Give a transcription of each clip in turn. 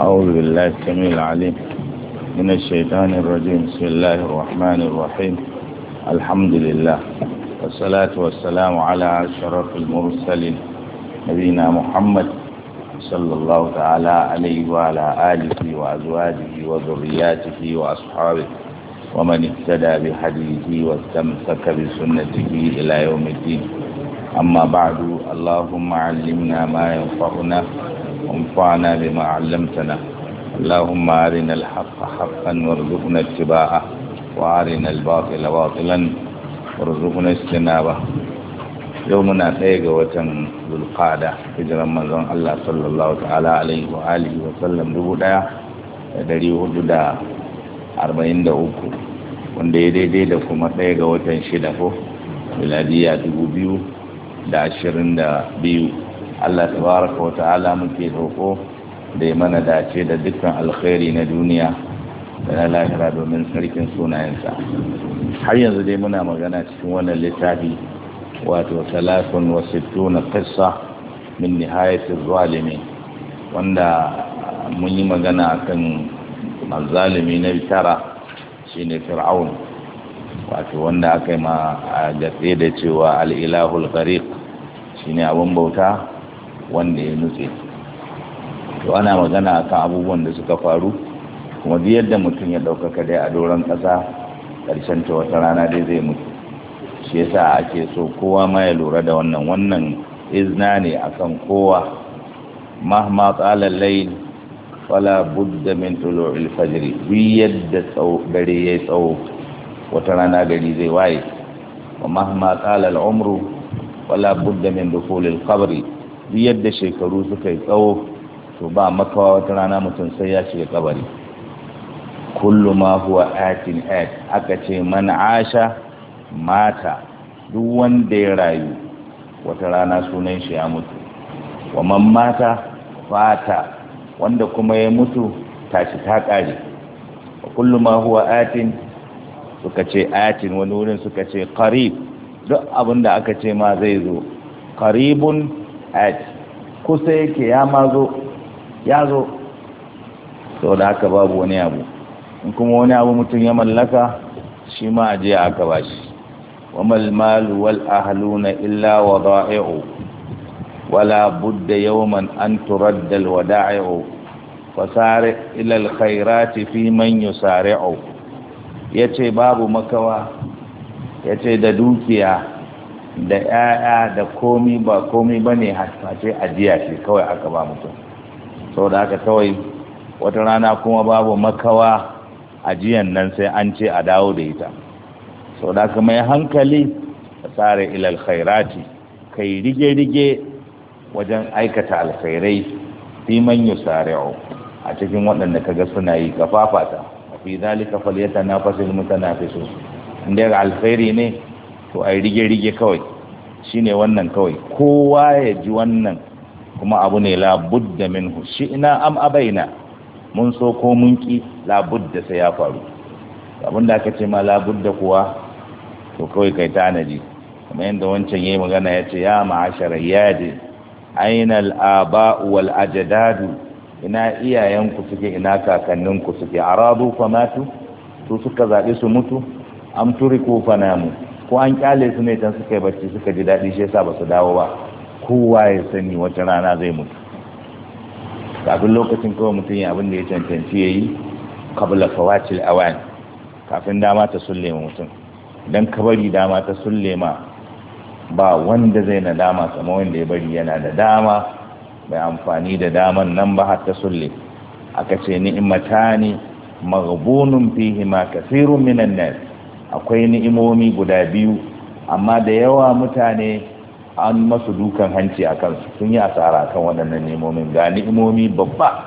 أعوذ بالله السميع العليم من الشيطان الرجيم بسم الله الرحمن الرحيم الحمد لله والصلاة والسلام على أشرف المرسلين نبينا محمد صلى الله تعالى عليه وعلى آله وأزواجه وذرياته وأصحابه ومن اهتدى بحديثه واستمسك بسنته إلى يوم الدين أما بعد اللهم علمنا ما ينفعنا وانفعنا بما علمتنا اللهم أرنا الحق حقا وارزقنا اتباعه وأرنا الباطل باطلا وارزقنا اجتنابه يومنا تيغا وتن ذو القعدة هجرا من الله صلى الله تعالى عليه وآله وسلم دبودا dari hudu da arba'in da uku wanda ya daidai da kuma ɗaya ga watan shida ko miladiya dubu biyu da ashirin da biyu Allah tabaraka wata ala muke roƙo da ya mana dace da dukkan alkhairi na duniya da na lahira domin sarkin sunayensa har yanzu dai muna magana cikin wannan littafi wato talafin wasu tuna kissa min nihayatul zalimi wanda mun yi magana akan mazalimi na tara shine fir'aun wato wanda aka yi ma a da cewa al'ilahul gariq shine abin bauta wanda ya nutse to ana magana akan abubuwan da suka faru kuma duk yadda mutum ya ɗaukaka dai a doron ƙasa karshen ta wata rana dai zai mutu shi yasa ake so kowa ma ya lura da wannan wannan izna ne akan kowa mahma qala layl fala budda min tulu'il fajr bi yadda tsawo dare yayi tsawo wata rana gari zai waye wa mahma qala al'umru umru fala budda min dukhulil qabri yadda shekaru suka yi tsawo to ba makawa wata rana mutum sai ya shiga kabari kullu ma huwa atin at aka ce man asha mata duk wanda ya rayu wata rana sunan shi ya mutu wa mata fata wanda kuma ya mutu tashi ta kare kullu ma huwa atin suka ce atin wani wurin suka ce qarib duk abinda aka ce ma zai zo qaribun ati kusa yake ya ma zo ya zo sau da haka babu wani abu in kuma wani abu mutum ya mallaka shi ma a jiya aka ba shi wamal malu wal ahaluna illa wada'i'u wala budda yawman an turadda al wada'i'u fasari ila al khairati fi man yusari'u yace babu makawa yace da dukiya da ƴaƴa da komi ba komi ba ne hasashe ajiya ce kawai aka ba mutum sau da haka kawai wata rana kuma babu makawa ajiyan nan sai an ce a dawo da ita sau da haka mai hankali da tsara ilal khairati kai rige-rige wajen aikata alkhairai fi manyan yusari'u a cikin waɗanda ka ga suna yi ka fafata fi zalika fi so. inda alkhairi ne to ai rige-rige kawai shine wannan kawai kowa ya ji wannan kuma abu ne labudda minhu shi ina am abaina mun so ko mun ki labudda sai ya faru abinda aka ce ma labudda kuwa to kawai kai tanaji Kuma yadda wancan yayi magana ya ce ya ma'ashara yadi aina al wal ajdadu ina iyayenku suke ina kakanninku suke aradu famatu to suka zaɓi su mutu am turiku fanamu ko an kyale su ne can suka yi bacci suka ji daɗi shi yasa ba su dawo ba kowa ya sani wata rana zai mutu kafin lokacin kawai mutum ya abin ya cancanci ya yi kabla fawacil awan kafin dama ta sulle ma mutum don kabari dama ta sulle ma ba wanda zai na dama kamar wanda ya bari yana da dama mai amfani da daman nan ba har ta sulle aka ce ni'imata ne maghbunun fihi ma kasirun minan nas akwai ni'imomi guda biyu amma da yawa mutane an masu dukan hanci a kansu sun yi asara kan waɗannan ni'imomin ga ni'imomi babba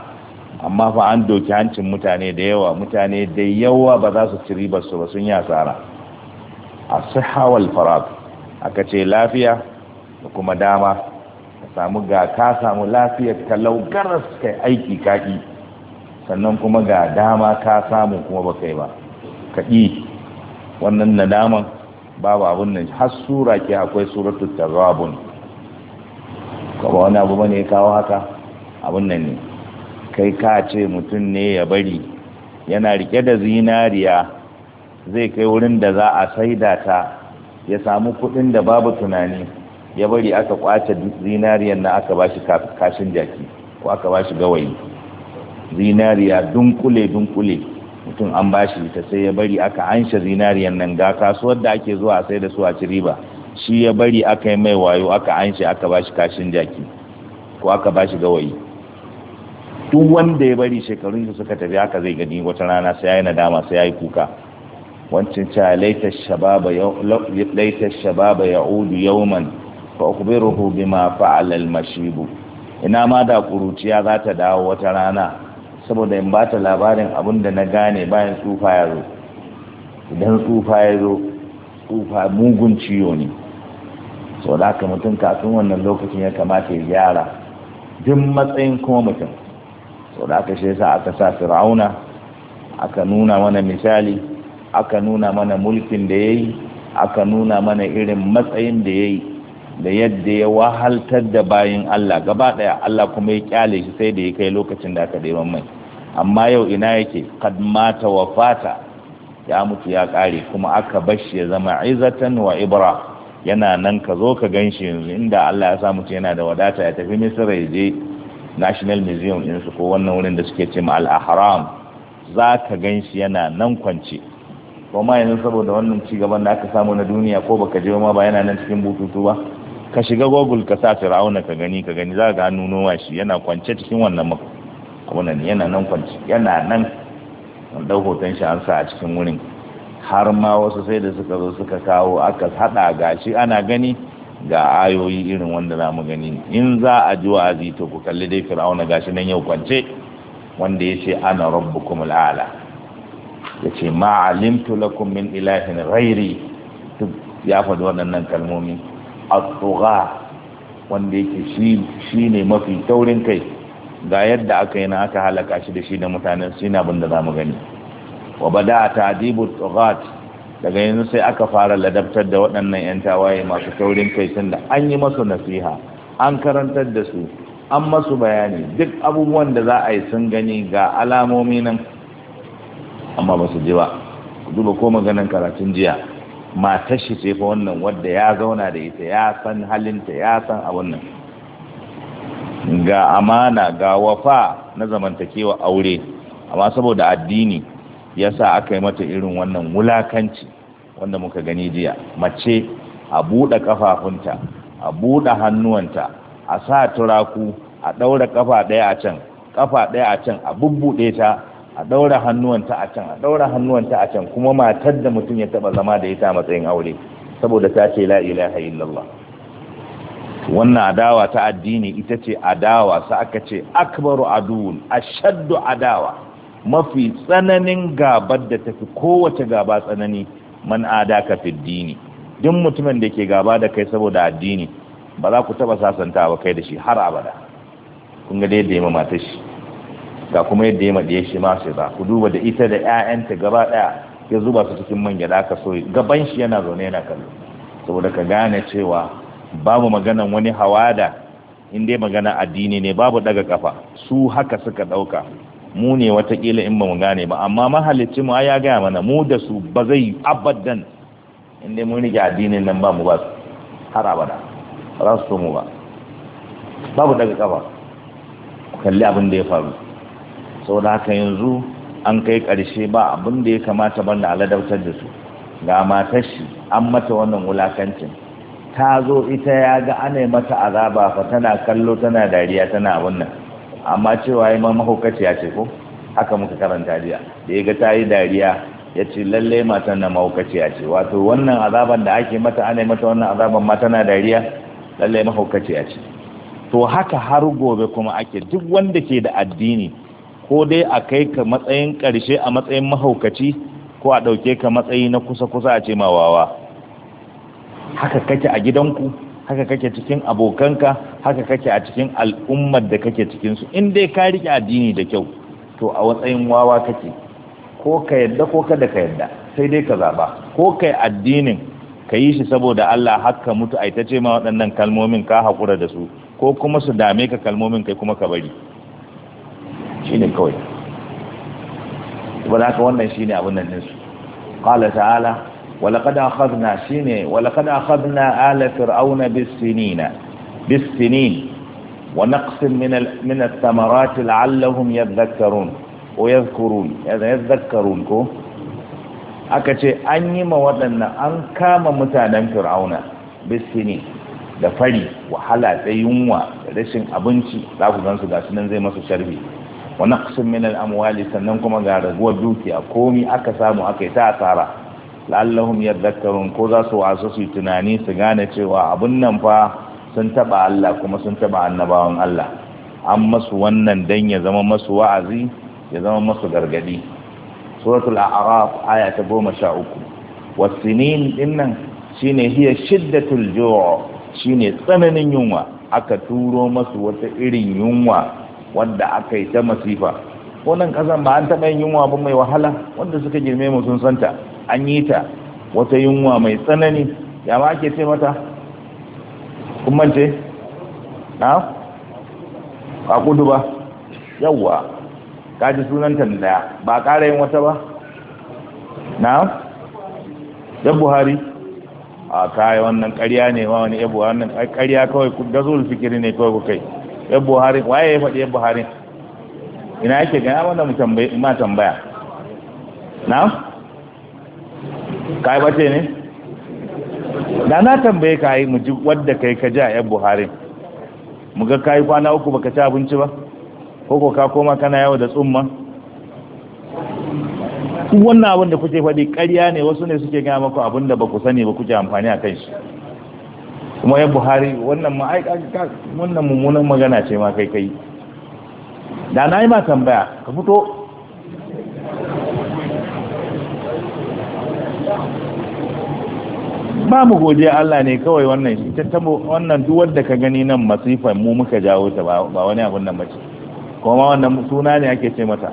amma fa an doki hancin mutane da yawa mutane da yawa ba za su ci ribarsu ba sun yi asara a sahawal farad aka ce lafiya da kuma dama ka samu ga ka samu lafiyar ka laugaras kai aiki kaki sannan kuma ga dama ka samu kuma ba kai ba kaɗi wannan nadaman babu abun nan har sura ke akwai suratul taghabun kuma wani abu bane ya kawo haka abun nan ne kai ka ce mutum ne ya bari yana rike da zinariya zai kai wurin da za a saida ta ya samu kudin da babu tunani ya bari aka kwace zinariyar na aka bashi kashin jaki ko aka bashi gawayi zinariya dunkule dunkule mutum an bashi ta sai ya bari aka ansha zinariyan nan ga kasuwar da ake zuwa sai da su a ci riba shi ya bari aka yi mai wayo aka ansha aka bashi kashin jaki ko aka bashi gawayi duk wanda ya bari shekarun da suka tafi aka zai gani wata rana sai ya nadama sai ya kuka wancan cha laita shababa ya udu yauman fa ukubiruhu bima fa'ala al-mashibu ina ma da kuruciya za ta dawo wata rana saboda in bata labarin abin da na gane bayan tsufa ya zo idan tsufa ya zo tsufa mugun ciwo ne sau da haka mutum kafin wannan lokacin ya kamata ya gyara duk matsayin kuma mutum sau da haka shi yasa aka sa fir'auna aka nuna mana misali aka nuna mana mulkin da ya yi aka nuna mana irin matsayin da ya yi da yadda ya wahaltar da bayan Allah gaba daya Allah kuma ya kyale shi sai da ya kai lokacin da aka daiban mai amma yau ina yake kad mata wa fata ya mutu ya kare kuma aka bashi ya zama izatan wa ibra yana nan ka zo ka gan shi yanzu inda Allah ya sa mutu yana da wadata ya tafi Misir ya je National Museum din su ko wannan wurin da suke ce ma al-Ahram za ka gan shi yana nan kwance ma yanzu saboda wannan ci gaban da aka samu na duniya ko baka je ma ba yana nan cikin bututu ba ka shiga Google ka sa Fir'auna ka gani ka gani za ka ga nunowa shi yana kwance cikin wannan mako wannan yana nan kwanci yana nan ɗau hoton shi an sa a cikin wurin har ma wasu sai da suka zo suka kawo aka haɗa shi ana gani ga ayoyi irin wanda za mu gani in za a ji wa to ku kalli dai fir'auna shi nan yau kwance wanda ya ce ana kuma al'ala ya ce ma alimtu lakum min ilahin rairi duk ya faɗi waɗannan kalmomi tsoga wanda yake shi ne mafi taurin kai ga yadda aka yi na aka halaka shi da shi da mutanen su abin da za mu gani wa bada ta'dibu tughat daga yanzu sai aka fara ladabtar da waɗannan yan tawaye masu taurin kai tun da an yi masu nasiha an karantar da su an masu bayani duk abubuwan da za a yi sun gani ga alamomi nan amma ba su ji ba duba ko maganan karatun jiya matar shi ce fa wannan wadda ya zauna da ita ya san halinta ya san abun nan ga amana ga wafa na zamantakewa aure amma saboda addini ya sa aka yi mata irin wannan wulakanci wanda muka gani jiya mace a buɗe ƙafafunta a buɗe hannuwanta a sa turaku a ɗaura ƙafa ɗaya a can ƙafa ɗaya a can a bubbuɗe ta a ɗaura hannuwanta a can a ɗaura hannuwanta a can kuma matar da mutum ya taɓa zama da ita a matsayin aure saboda ta ce la ilaha illallah wannan adawa ta addini ita ce adawa sa aka ce akbaru a ashaddu adawa mafi tsananin gabar da tafi kowace gaba tsanani man adaka fi dini duk mutumin da ke gaba da kai saboda addini ba za ku taba sasanta ba kai da shi har abada kun ga yadda ya mata shi ga kuma yadda ya maɗe shi ma sai ba ku duba da ita da 'ya'yanta gaba ɗaya ya zuba su cikin manya da aka so gaban shi yana zaune yana kallo saboda ka gane cewa babu maganan wani hawada in dai magana addini ne babu daga kafa su haka suka dauka mu ne watakila in ba mu gane ba amma mahalicci mu ya gaya mana mu da su ba zai abadan in dai mu addinin nan ba mu ba har abada ba su mu ba babu daga kafa kalli abin da ya faru sau da haka yanzu an kai karshe ba abin da ya kamata banda aladautar da su ga matashi an mata wannan wulakancin ta zo ita ya ga ana mata azaba fa tana kallo tana dariya tana wannan amma cewa ya ce ko haka muka karanta jiya da ya ga ta yi dariya ya ce lallai matan na ya ce wato wannan azaban da ake mata ana mata wannan azaban ma tana dariya lallai ya ce to haka har gobe kuma ake duk wanda ke da addini ko dai a kai ka matsayin ƙarshe a matsayin mahaukaci ko a ɗauke ka matsayi na kusa-kusa a ce ma wawa haka kake a gidanku haka kake cikin abokanka haka kake a cikin al'ummar da kake cikin su in dai ka rike addini da kyau to a watsayin wawa kake ko ka yadda ko kada ka yadda sai dai ka zaba ko kai addinin ka yi shi saboda Allah haka mutu ai ta ce ma waɗannan kalmomin ka haƙura da su ko kuma su dame ka kalmomin kai kuma ka bari shi ne kawai ba za ka wannan shi ne abin nan su qala ta'ala walakada akhadna shine walakada akhadna ala fir'auna bisinina bisinin wa naqsim min al min athamarat la'allahum yadhakkarun wa yadhkurun idha yadhakkarun ko akace an yi ma wadannan an kama mutanen fir'auna bisinin da fari wahala tsayunwa da rashin abinci za ku gansu gasu nan zai masu sharbi wa naqsim min al amwali sannan kuma ga raguwar dukiya komi aka samu aka ta asara la'allahum yadhakkarun ko za su wasu su tunani su gane cewa abun nan fa sun taba Allah kuma sun taba annabawan Allah an masu wannan dan ya zama masu wa'azi ya zama masu gargadi suratul a'raf aya ta 13 wasinin dinnan shine hiya shiddatul ju' shine tsananin yunwa aka turo masu wata irin yunwa wanda aka yi ta masifa wannan kasan ba an taɓa yin yunwa ba mai wahala wanda suka girme mu sun santa an yi ta wata yunwa mai tsanani ya ma ake ce mata kummance na kakudu ba yawwa kaji sunanta daya ba ƙara yin wata ba na yan buhari a kayi wannan karya ne ma wani yan wannan karya kawai da zuwa fikiri ne kawai kukai yan buhari waye ya faɗi yan buhari ina yake gana wanda mu tambaya na ka yi bace ne da na tambaye ka yi mu ji wadda kai ka ji a yan buhari mu ga ka yi kwana uku baka ci abinci ba ko ko ka koma kana yawo da tsumma wannan abin da kuke faɗi ƙarya ne wasu ne suke gaya maku abin da ba ku sani ba kuke amfani a kai shi kuma yan buhari wannan ma ai wannan mummunan magana ce ma kai kai da na yi ma tambaya ka fito amma mu godiya Allah ne kawai wannan shi wannan duk wanda ka gani nan masifan mu muka jawo ta ba wani abun nan bace kuma wannan suna ne ake ce mata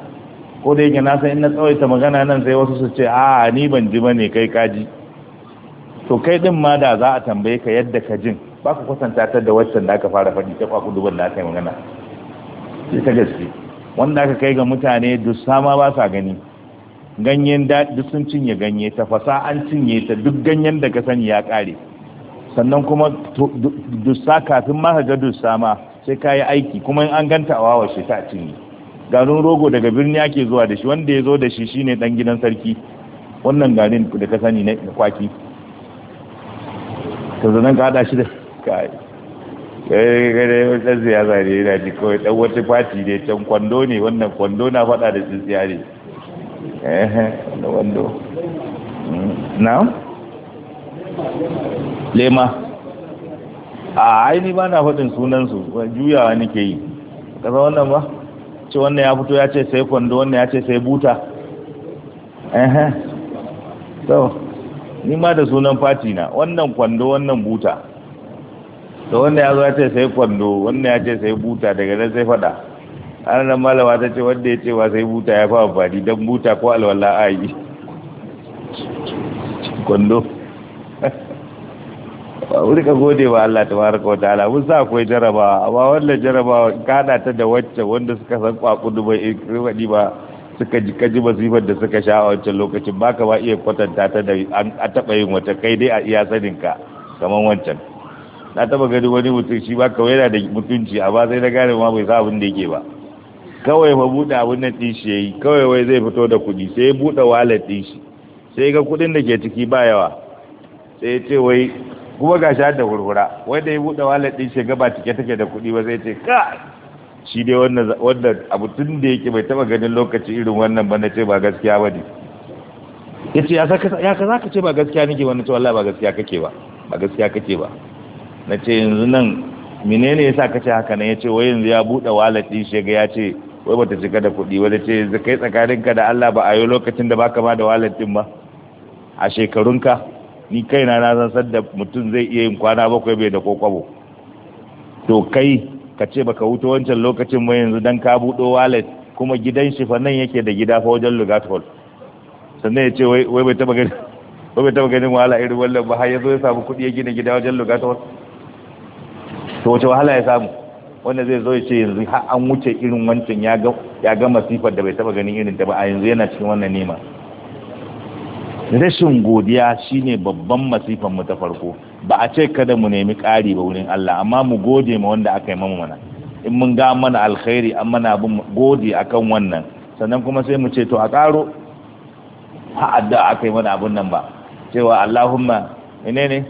ko da yake na san in na tsawaita magana nan sai wasu su ce a ni ban ji bane kai kaji to kai din ma da za a tambaye ka yadda ka jin ba ku kwatanta ta da waccan da aka fara faɗi ta kwaku duban da aka yi magana ita gaske wanda aka kai ga mutane duk sama ba sa gani ganyen duk sun cinye ganye ta fasa an cinye ta duk ganyen da ka sani ya kare sannan kuma dussa kafin ma ka ga dussa ma sai ka yi aiki kuma an ganta a wawashe ta cinye garin rogo daga birni ake zuwa da shi wanda ya zo da shi shine dan gidan sarki wannan garin da ka sani na kwaki ka zanen ka hada shi da kai eh, ɗan kai wata ne yana ji kawai ɗan wata fati ne can kwando ne wannan kwando na faɗa da tsintsiya ne ehe wando wando naam lema a aini ba na faɗin sunansu juyawa nake yi kasa wannan ba ce wannan ya fito ya ce sai kwando wannan ya ce sai buta ehe so ni ma da sunan fati na wannan kwando wannan buta da wannan ya zo ya ce sai kwando wannan ya ce sai buta daga nan sai faɗa an nan malama ta ce wanda ya ce ba sai buta ya fi amfani don buta ko alwala a yi kwando wuri ka gode ba Allah ta baraka wata ala. mun sa akwai jarabawa amma wannan jarabawa kada ta da wacce wanda suka san kwakudu bai wadi ba suka ji kaji masifar da suka sha a wancan lokacin ba ka ba iya kwatanta ta da an taba yin wata kai dai a iya sanin ka kaman wancan na taba gani wani mutum shi ba kawai yana da mutunci A ba sai na gane ma bai sa abin da yake ba kawai fa buɗe abin nan ɗin shi yayi kawai wai zai fito da kuɗi sai ya buɗe wallet ɗin shi sai ga kuɗin da ke ciki ba yawa sai ya ce wai kuma ga shi da hurhura wai da ya buɗe wallet ɗin shi ga ba cike take da kuɗi ba sai ce ka shi dai wannan wanda abu tun da yake bai taba ganin lokaci irin wannan ba na ce ba gaskiya ba ne ya ce ya ka zaka ka ce ba gaskiya nake ba na ce wallahi ba gaskiya kake ba ba gaskiya kake ba na ce yanzu nan menene yasa kace haka nan ya ce wai yanzu ya buɗe wallet ɗin shi ga ya ce wai bata shiga da kuɗi wani ce kai tsakaninka da Allah ba a yi lokacin da baka ma da walet din ba a shekarunka ni kaina na san sadda mutum zai iya yin kwana bakwai bai da kwabo to kai ka ce baka wuto wancan lokacin mai yanzu dan ka buɗo walet kuma gidan shi fa nan yake da gida fa wajen Lugat Hall sannan ya ce wai bai taba gani wai bai taba ganin wahala irin wannan ba har yazo ya samu kuɗi ya gina gida wajen Lugat Hall to wace wahala ya samu wanda zai zo ya ce yanzu har an wuce irin wancan ya ga ya masifar da bai taba ganin irin ta ba a yanzu yana cikin wannan nema rashin godiya shine babban masifar mu ta farko ba a ce kada mu nemi ƙari ba wurin Allah amma mu gode ma wanda aka yi mamu mana in mun ga mana alkhairi an mana bin gode akan wannan sannan kuma sai mu ce to a ƙaro ha adda aka yi mana abun nan ba cewa Allahumma menene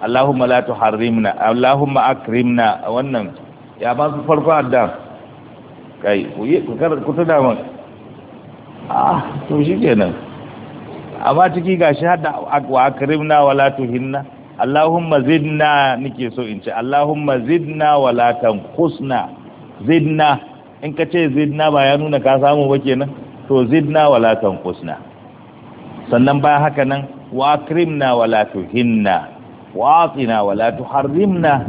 Allahumma la tuharrimna Allahumma akrimna wannan ya ba su farko da kai ku yi ku tuna man ah to shi kenan amma ciki gashi hada wa na wala tuhinna Allahumma zidna nike so in ce Allahumma zidna wala kusna zidna in ka ce zidna ba ya nuna ka samu ba kenan to zidna wala kusna sannan ba haka nan wa na wala hinna wa atina wala tuharrimna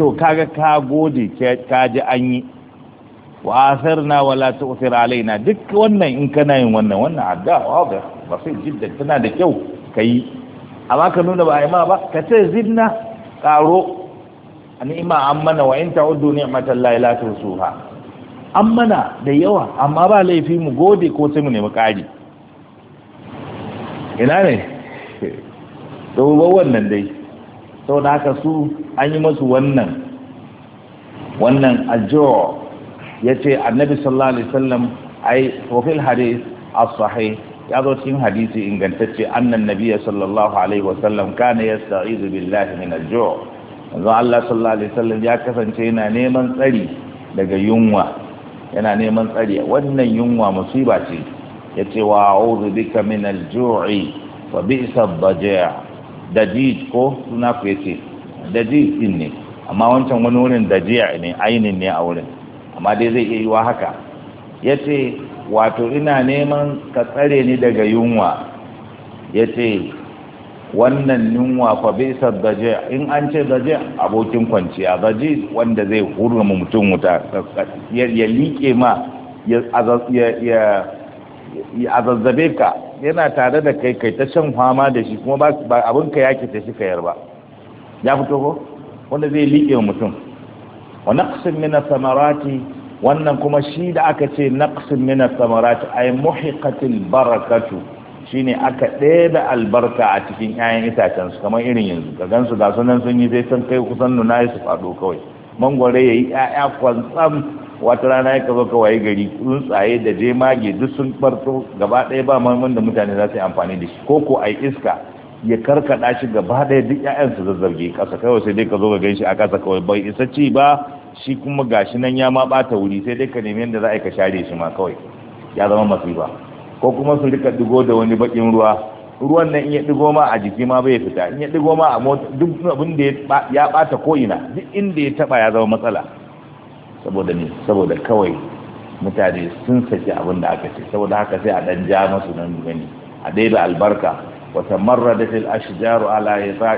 to kaga ka gode ka ji an yi wa asarna wala tu'sir alaina duk wannan in kana yin wannan wannan adda ba sai jidda tana da kyau kai amma ka nuna ba a yi ma ba ka ce zidna karo ni'ima ammana wa in ta'uddu ni'matallahi la tuhsuha ammana da yawa amma ba laifi mu gode ko sai mu nemi kari ina ne to wannan dai saboda haka su an yi masu wannan wannan ajo ya ce annabi sallallahu alaihi wasallam ai wafil hadis as-sahih ya zo cikin hadisi ingantacce annan nabiyya sallallahu alaihi wasallam kana yasta'izu billahi min ajo yanzu Allah sallallahu alaihi wasallam ya kasance yana neman tsari daga yunwa yana neman tsari wannan yunwa musiba ce yace wa a'udhu bika min al-ju'i wa bi'sa al-baja' dajij ko suna ku yace dajij din ne amma wancan wani wurin dajiya ne ainin ne a wurin amma dai zai iya yiwa haka yace wato ina neman ka tsare ni daga yunwa yace wannan yunwa fa bisa daje in an ce daje abokin kwanciya daje wanda zai hurma mutum wuta ya liƙe ma ya a zazzabe ka yana tare da kai kai ta shan fama da shi kuma ba abin ka yake ta shi kayar ba ya fito ko wanda zai liƙe mutum wa naqsin min samarati wannan kuma shi da aka ce naqsin min samarati ay muhiqatil barakatu shine aka da albarka a cikin 'ya'yan itacen su kamar irin yanzu ga gansu ga sunan sun yi zai san kai kusan nuna su faɗo kawai mangware yayi 'ya'ya kwantsam wata rana ya zo ka waye gari tsuntsaye da jemage duk sun barto gaba ɗaya ba mamman da mutane za su yi amfani da shi ko ko ai iska ya karkada shi gaba ɗaya duk ƴaƴan su zazzabge kasa kawai sai dai ka zo ka shi a kasa kawai bai isa ci ba shi kuma gashi nan ya ma bata wuri sai dai ka nemi yadda za a yi ka share shi ma kawai ya zama masifa ko kuma su rika digo da wani bakin ruwa ruwan nan in ya digo ma a jiki ma bai fita in ya digo ma a mota duk abin da ya bata ko ina duk inda ya taba ya zama matsala saboda ne saboda kawai mutane sun saki abin da aka ce saboda haka sai a dan ja masu nan gani a daida albarka wata marra da fil ashjaru ala yasa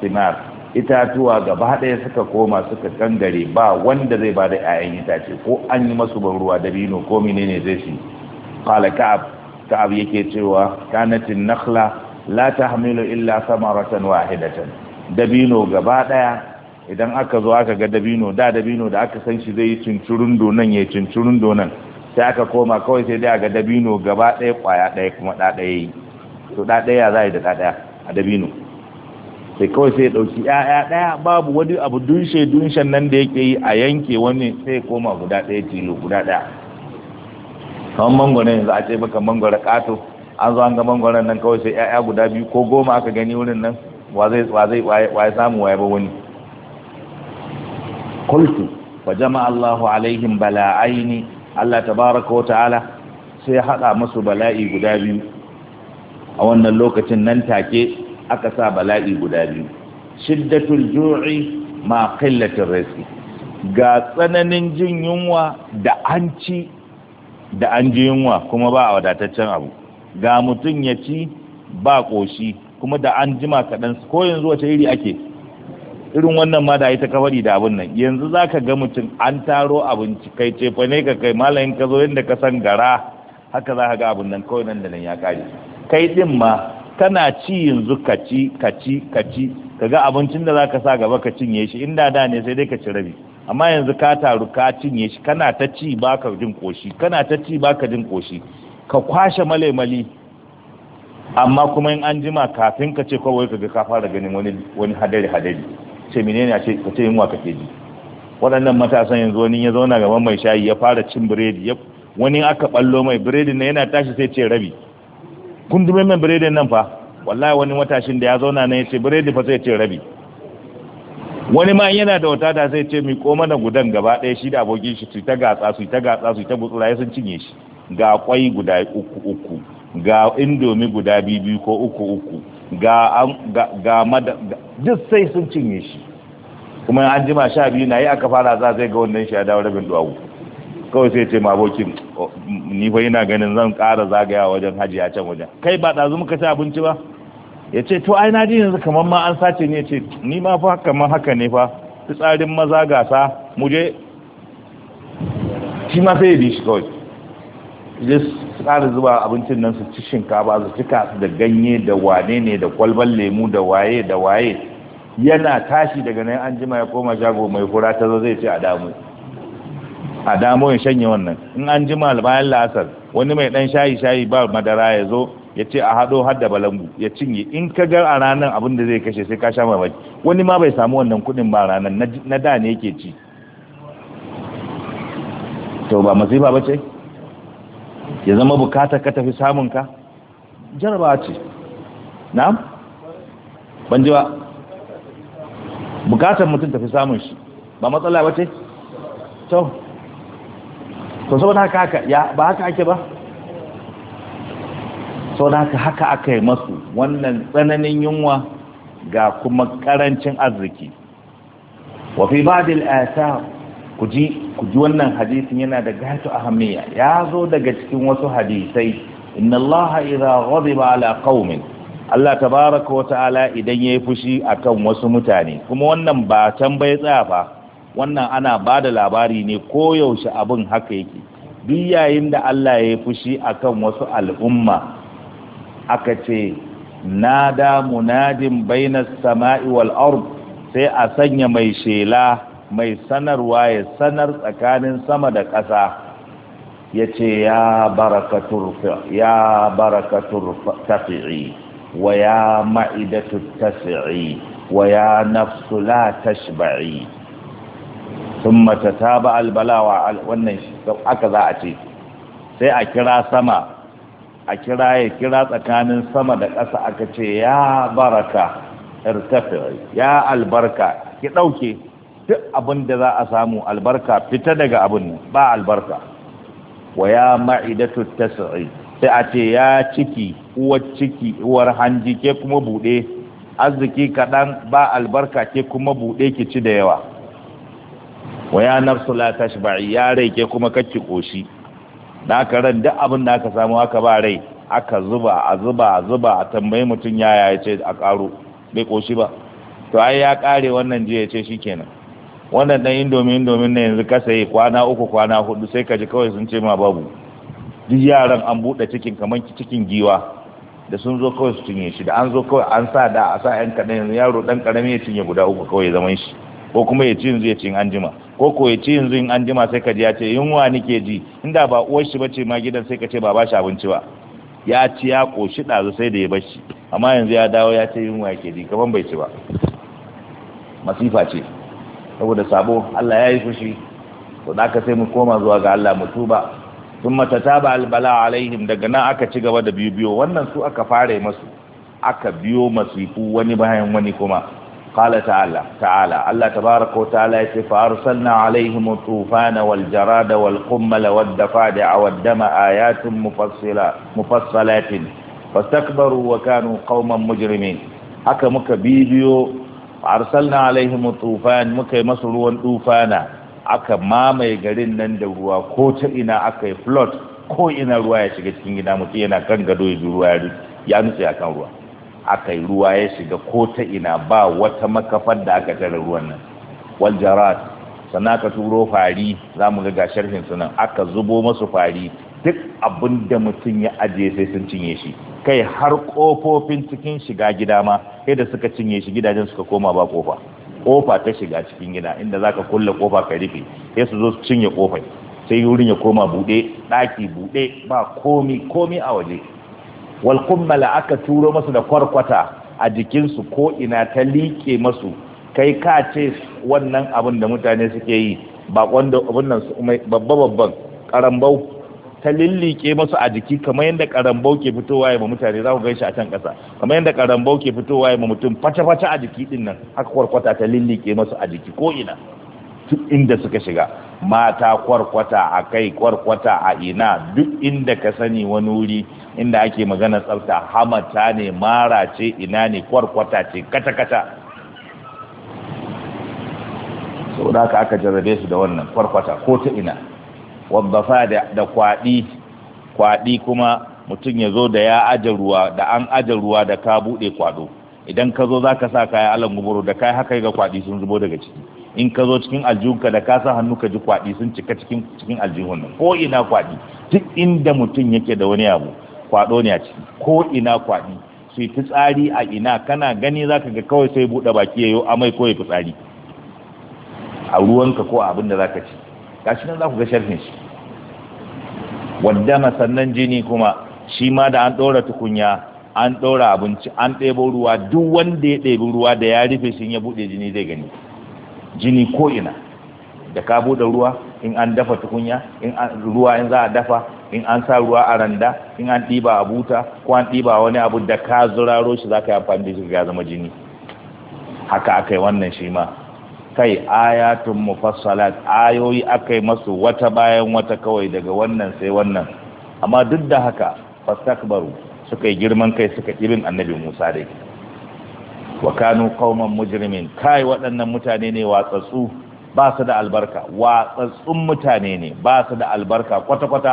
thimar itatuwa gaba ɗaya suka koma suka gangare ba wanda zai bada 'ya'yan itace ko an yi masu ban ruwa dabino ko menene zai shi qala ka'ab ka'ab yake cewa kanatin nakhla la tahmilu illa samaratan wahidatan dabino gaba ɗaya idan aka zo aka ga dabino da dabino da aka san shi zai yi donan ya cincurun donan sai aka koma kawai sai dai ga dabino gaba ɗaya kwaya ɗaya kuma ɗa ɗaya yi to ɗa ɗaya za a yi da ɗa ɗaya a dabino sai kawai sai ɗauki ya ɗaya babu wani abu dunshe dunshen nan da yake yi a yanke wani sai koma guda ɗaya tilo guda ɗaya kamar mangwaro yanzu a ce maka mangwaro ƙato an zo an ga mangwaron nan kawai sai yaya guda biyu ko goma aka gani wurin nan wa zai wa zai wa ya samu wa ya ba wani qultu wa jama'a Allahu alaihim bala'aini Allah tabaraka wa ta'ala sai hada musu bala'i guda biyu a wannan lokacin nan take aka sa bala'i guda biyu shiddatul ju'i ma qillatir rizqi ga tsananin jin yunwa da an da an ji yunwa kuma ba a wadataccen abu ga mutum ya ci ba ƙoshi kuma da an jima kaɗan ko yanzu wace iri ake irin wannan ma da ita kafari da abin nan yanzu za ka ga mutum an taro abinci kai ce ne ka kai malamin ka zo yadda ka san gara haka za ka ga abin nan kawai nan da nan ya kare kai din ma kana ci yanzu ka ci ka ci ka ci kaga abincin da za ka sa gaba ka cinye shi inda da ne sai dai ka ci rabi amma yanzu ka taru ka cinye shi kana ta ci baka jin koshi kana ta ci baka jin koshi ka kwashe male-male amma kuma in an jima kafin ka ce kawai ka ga ka fara ganin wani hadari hadari ce menene a ce ka ce yunwa kake ji waɗannan matasan yanzu wani ya zauna gaban mai shayi ya fara cin biredi wani aka ballo mai biredi na yana tashi sai ce rabi kundume mai biredin nan fa wallahi wani matashin da ya zauna na ya ce biredi fa sai ce rabi wani ma yana da wata da sai ce koma mana gudan gaba ɗaya shi da abokin shi su ta gatsa su ta gatsa su ta gutsura sun cinye shi ga kwai guda uku uku ga indomi guda biyu ko uku uku ga ga duk sai sun cinye shi kuma an jima sha biyu na yi aka fara za zai ga wannan shi a dawo rabin duwawu kawai sai ce mabokin ni fa ganin zan kara zagaya wajen hajji a can wajen kai ba ɗazu muka ci abinci ba ya ce to ai na ji yanzu kamar ma an sace ne ya ce ni ma fa kamar haka ne fa fitsarin maza gasa muje shi ma sai ya bi shi kawai tsara zuba abincin nan su ci shinkafa su cika su da ganye da wane ne da kwalban lemu da waye da waye yana tashi daga nan an jima ya koma shago mai fura ta zo zai ce a damu a damu ya shanye wannan in an jima bayan la'asar wani mai dan shayi shayi ba madara ya zo ya ce a haɗo har da balangu ya cinye in ka ga a ranar abin da zai kashe sai ka sha baki wani ma bai samu wannan kuɗin ba ranar na da ne yake ci to ba masifa ba ce ya zama bukatar ka tafi samun ka jaraba ce na'am ban ji ba bukatar mutum tafi samun shi ba matsala wace? to to saboda haka haka ya ba haka ake ba saboda haka haka aka yi masu wannan tsananin yunwa ga kuma karancin arziki wa fi ba da athar ku ji wannan hadisin yana da gatu ahammiya ya zo daga cikin wasu hadisai inna Allah idza ghadiba ala qaumin Allah tabaraka wa ta'ala idan yayi fushi akan wasu mutane kuma wannan ba tambaye tsafa wannan ana bada labari ne ko yaushe abin haka yake duk yayin da Allah yayi fushi akan wasu al'umma aka ce nada munadin bainas sama'i wal ard sai a sanya mai shela mai sanarwa ya sanar tsakanin sama da ƙasa ya ce ya barakatur tafi'i wa ya ma'idatu tafi'i wa ya nafsu la tashba'i sun mata ta ba albalawa wannan aka za a ce sai a kira sama a kira ya kira tsakanin sama da ƙasa aka ce ya baraka irtafi ya albarka ki ɗauke duk abin da za a samu albarka fita daga abin ba albarka wa ya ma'idatu tas'i sai a ce ya ciki uwar ciki uwar hanji ke kuma bude arziki kaɗan ba albarka ke kuma bude ki ci da yawa wa ya nafsu la tashba'i ya rai ke kuma kacci koshi da ran duk abin da aka samu aka ba rai aka zuba a zuba a zuba a tambayi mutum yaya ya ce a karo bai koshi ba to ai ya kare wannan jiya ya ce shikenan wannan dan indomi indomin na yanzu ka sayi kwana uku kwana hudu sai ka ji kawai sun ce ma babu duk yaran an buɗe cikin kamar cikin giwa da sun zo kawai su cinye shi da an zo kawai an sa da a sa yan kaɗan yanzu yaro ɗan ƙarami ya cinye guda uku kawai zaman shi ko kuma ya ci yanzu ya ci an jima ko ko ya ci yanzu in an jima sai ka ji ya ce yunwa nike ji inda ba uwar shi bace ma gidan sai ka ce ba ba shi abinci ba ya ci ya koshi ɗazu sai da ya bashi amma yanzu ya dawo ya ce yunwa ke ji kaman bai ci ba masifa ce saboda sabo Allah ya yi fushi to da aka sai mu koma zuwa ga Allah mu tuba sun matata ba albala alaihim daga nan aka ci gaba da biyu biyo wannan su aka fare masu aka biyo masifu wani bayan wani kuma qala ta'ala ta'ala Allah tabaraka wa ta'ala ya ce fa arsalna alaihim tufana wal jarada wal qummala wad dafadi'a wad dama ayatun mufassila mufassalatin fastakbaru wa kanu qauman mujrimin haka muka bibiyo arsalna alaihim tufan muka yi masu ruwan tufana aka mamaye garin nan da ruwa ko ta ina aka yi flood ko ina ruwa ya shiga cikin gida mutum yana kan gado ya ji ruwa ya nutse a kan ruwa aka yi ruwa ya shiga ko ta ina ba wata makafar da aka tare ruwan nan wal jarat sannan aka turo fari za mu ga sharhin sunan aka zubo masu fari duk abin da mutum ya ajiye sai sun cinye shi kai har kofofin cikin shiga gida ma sai da suka cinye shi gidajen suka koma ba ƙofa ƙofa ta shiga cikin gida inda zaka kulle kofa ka rufe sai su zo su cinye kofai sai wurin ya koma buɗe ɗaki buɗe ba komi komi a waje wal kummala aka turo masu da kwarkwata a jikinsu ko ina ta liƙe masu kai ka ce wannan abin da mutane suke yi ba wanda abin nan babba babban karambau ta lillike masu a jiki kamar yadda karambau ke fitowa ya ma mutane za ku gaishe a can ƙasa kamar yadda karambau ke fitowa ya ma mutum fata-fata a jiki din nan haka kwarkwata ta lillike masu a jiki ko ina duk inda suka shiga mata kwarkwata a kai kwarkwata a ina duk inda ka sani wani wuri inda ake magana tsafta hamata ne mara ce ina ne kwarkwata ce kata-kata sau da aka jarrabe su da wannan kwarkwata ko ta ina wabbafa da kwaɗi kwaɗi kuma mutum ya zo da ya aje ruwa da an aje ruwa da ka buɗe kwaɗo idan ka zo za ka sa kaya alan guburu da kai haka ga kwaɗi sun zubo daga ciki in ka zo cikin aljihunka da ka sa hannu ka ji kwaɗi sun cika cikin cikin aljihun nan ko ina kwaɗi duk inda mutum yake da wani abu kwaɗo ne a ciki ko ina kwaɗi su yi fitsari a ina kana gani za ka ga kawai sai buɗe baki ya yi amai ko ya fitsari a ruwanka ko abin da za ka ci gashi nan za ku ga sharhin shi wadda sannan jini kuma shi ma da an ɗora tukunya an ɗora abinci an ɗebo ruwa duk wanda ya ɗebi ruwa da ya rufe shi ya buɗe jini zai gani jini ko ina da ka buɗe ruwa in an dafa tukunya in ruwa in za a dafa in an sa ruwa a randa in an ɗiba a buta ko an ɗiba wani abu da ka zuraro shi za ka yi amfani da shi ya zama jini haka aka yi wannan shi ma kai ayatun mufassalat ayoyi akai masu wata bayan wata kawai daga wannan sai wannan amma duk da haka fastakbaru suka yi girman kai suka irin annabi Musa dai wa kanu qauman mujrimin kai waɗannan mutane ne watsatsu ba su da albarka watsatsun mutane ne ba su da albarka kwata-kwata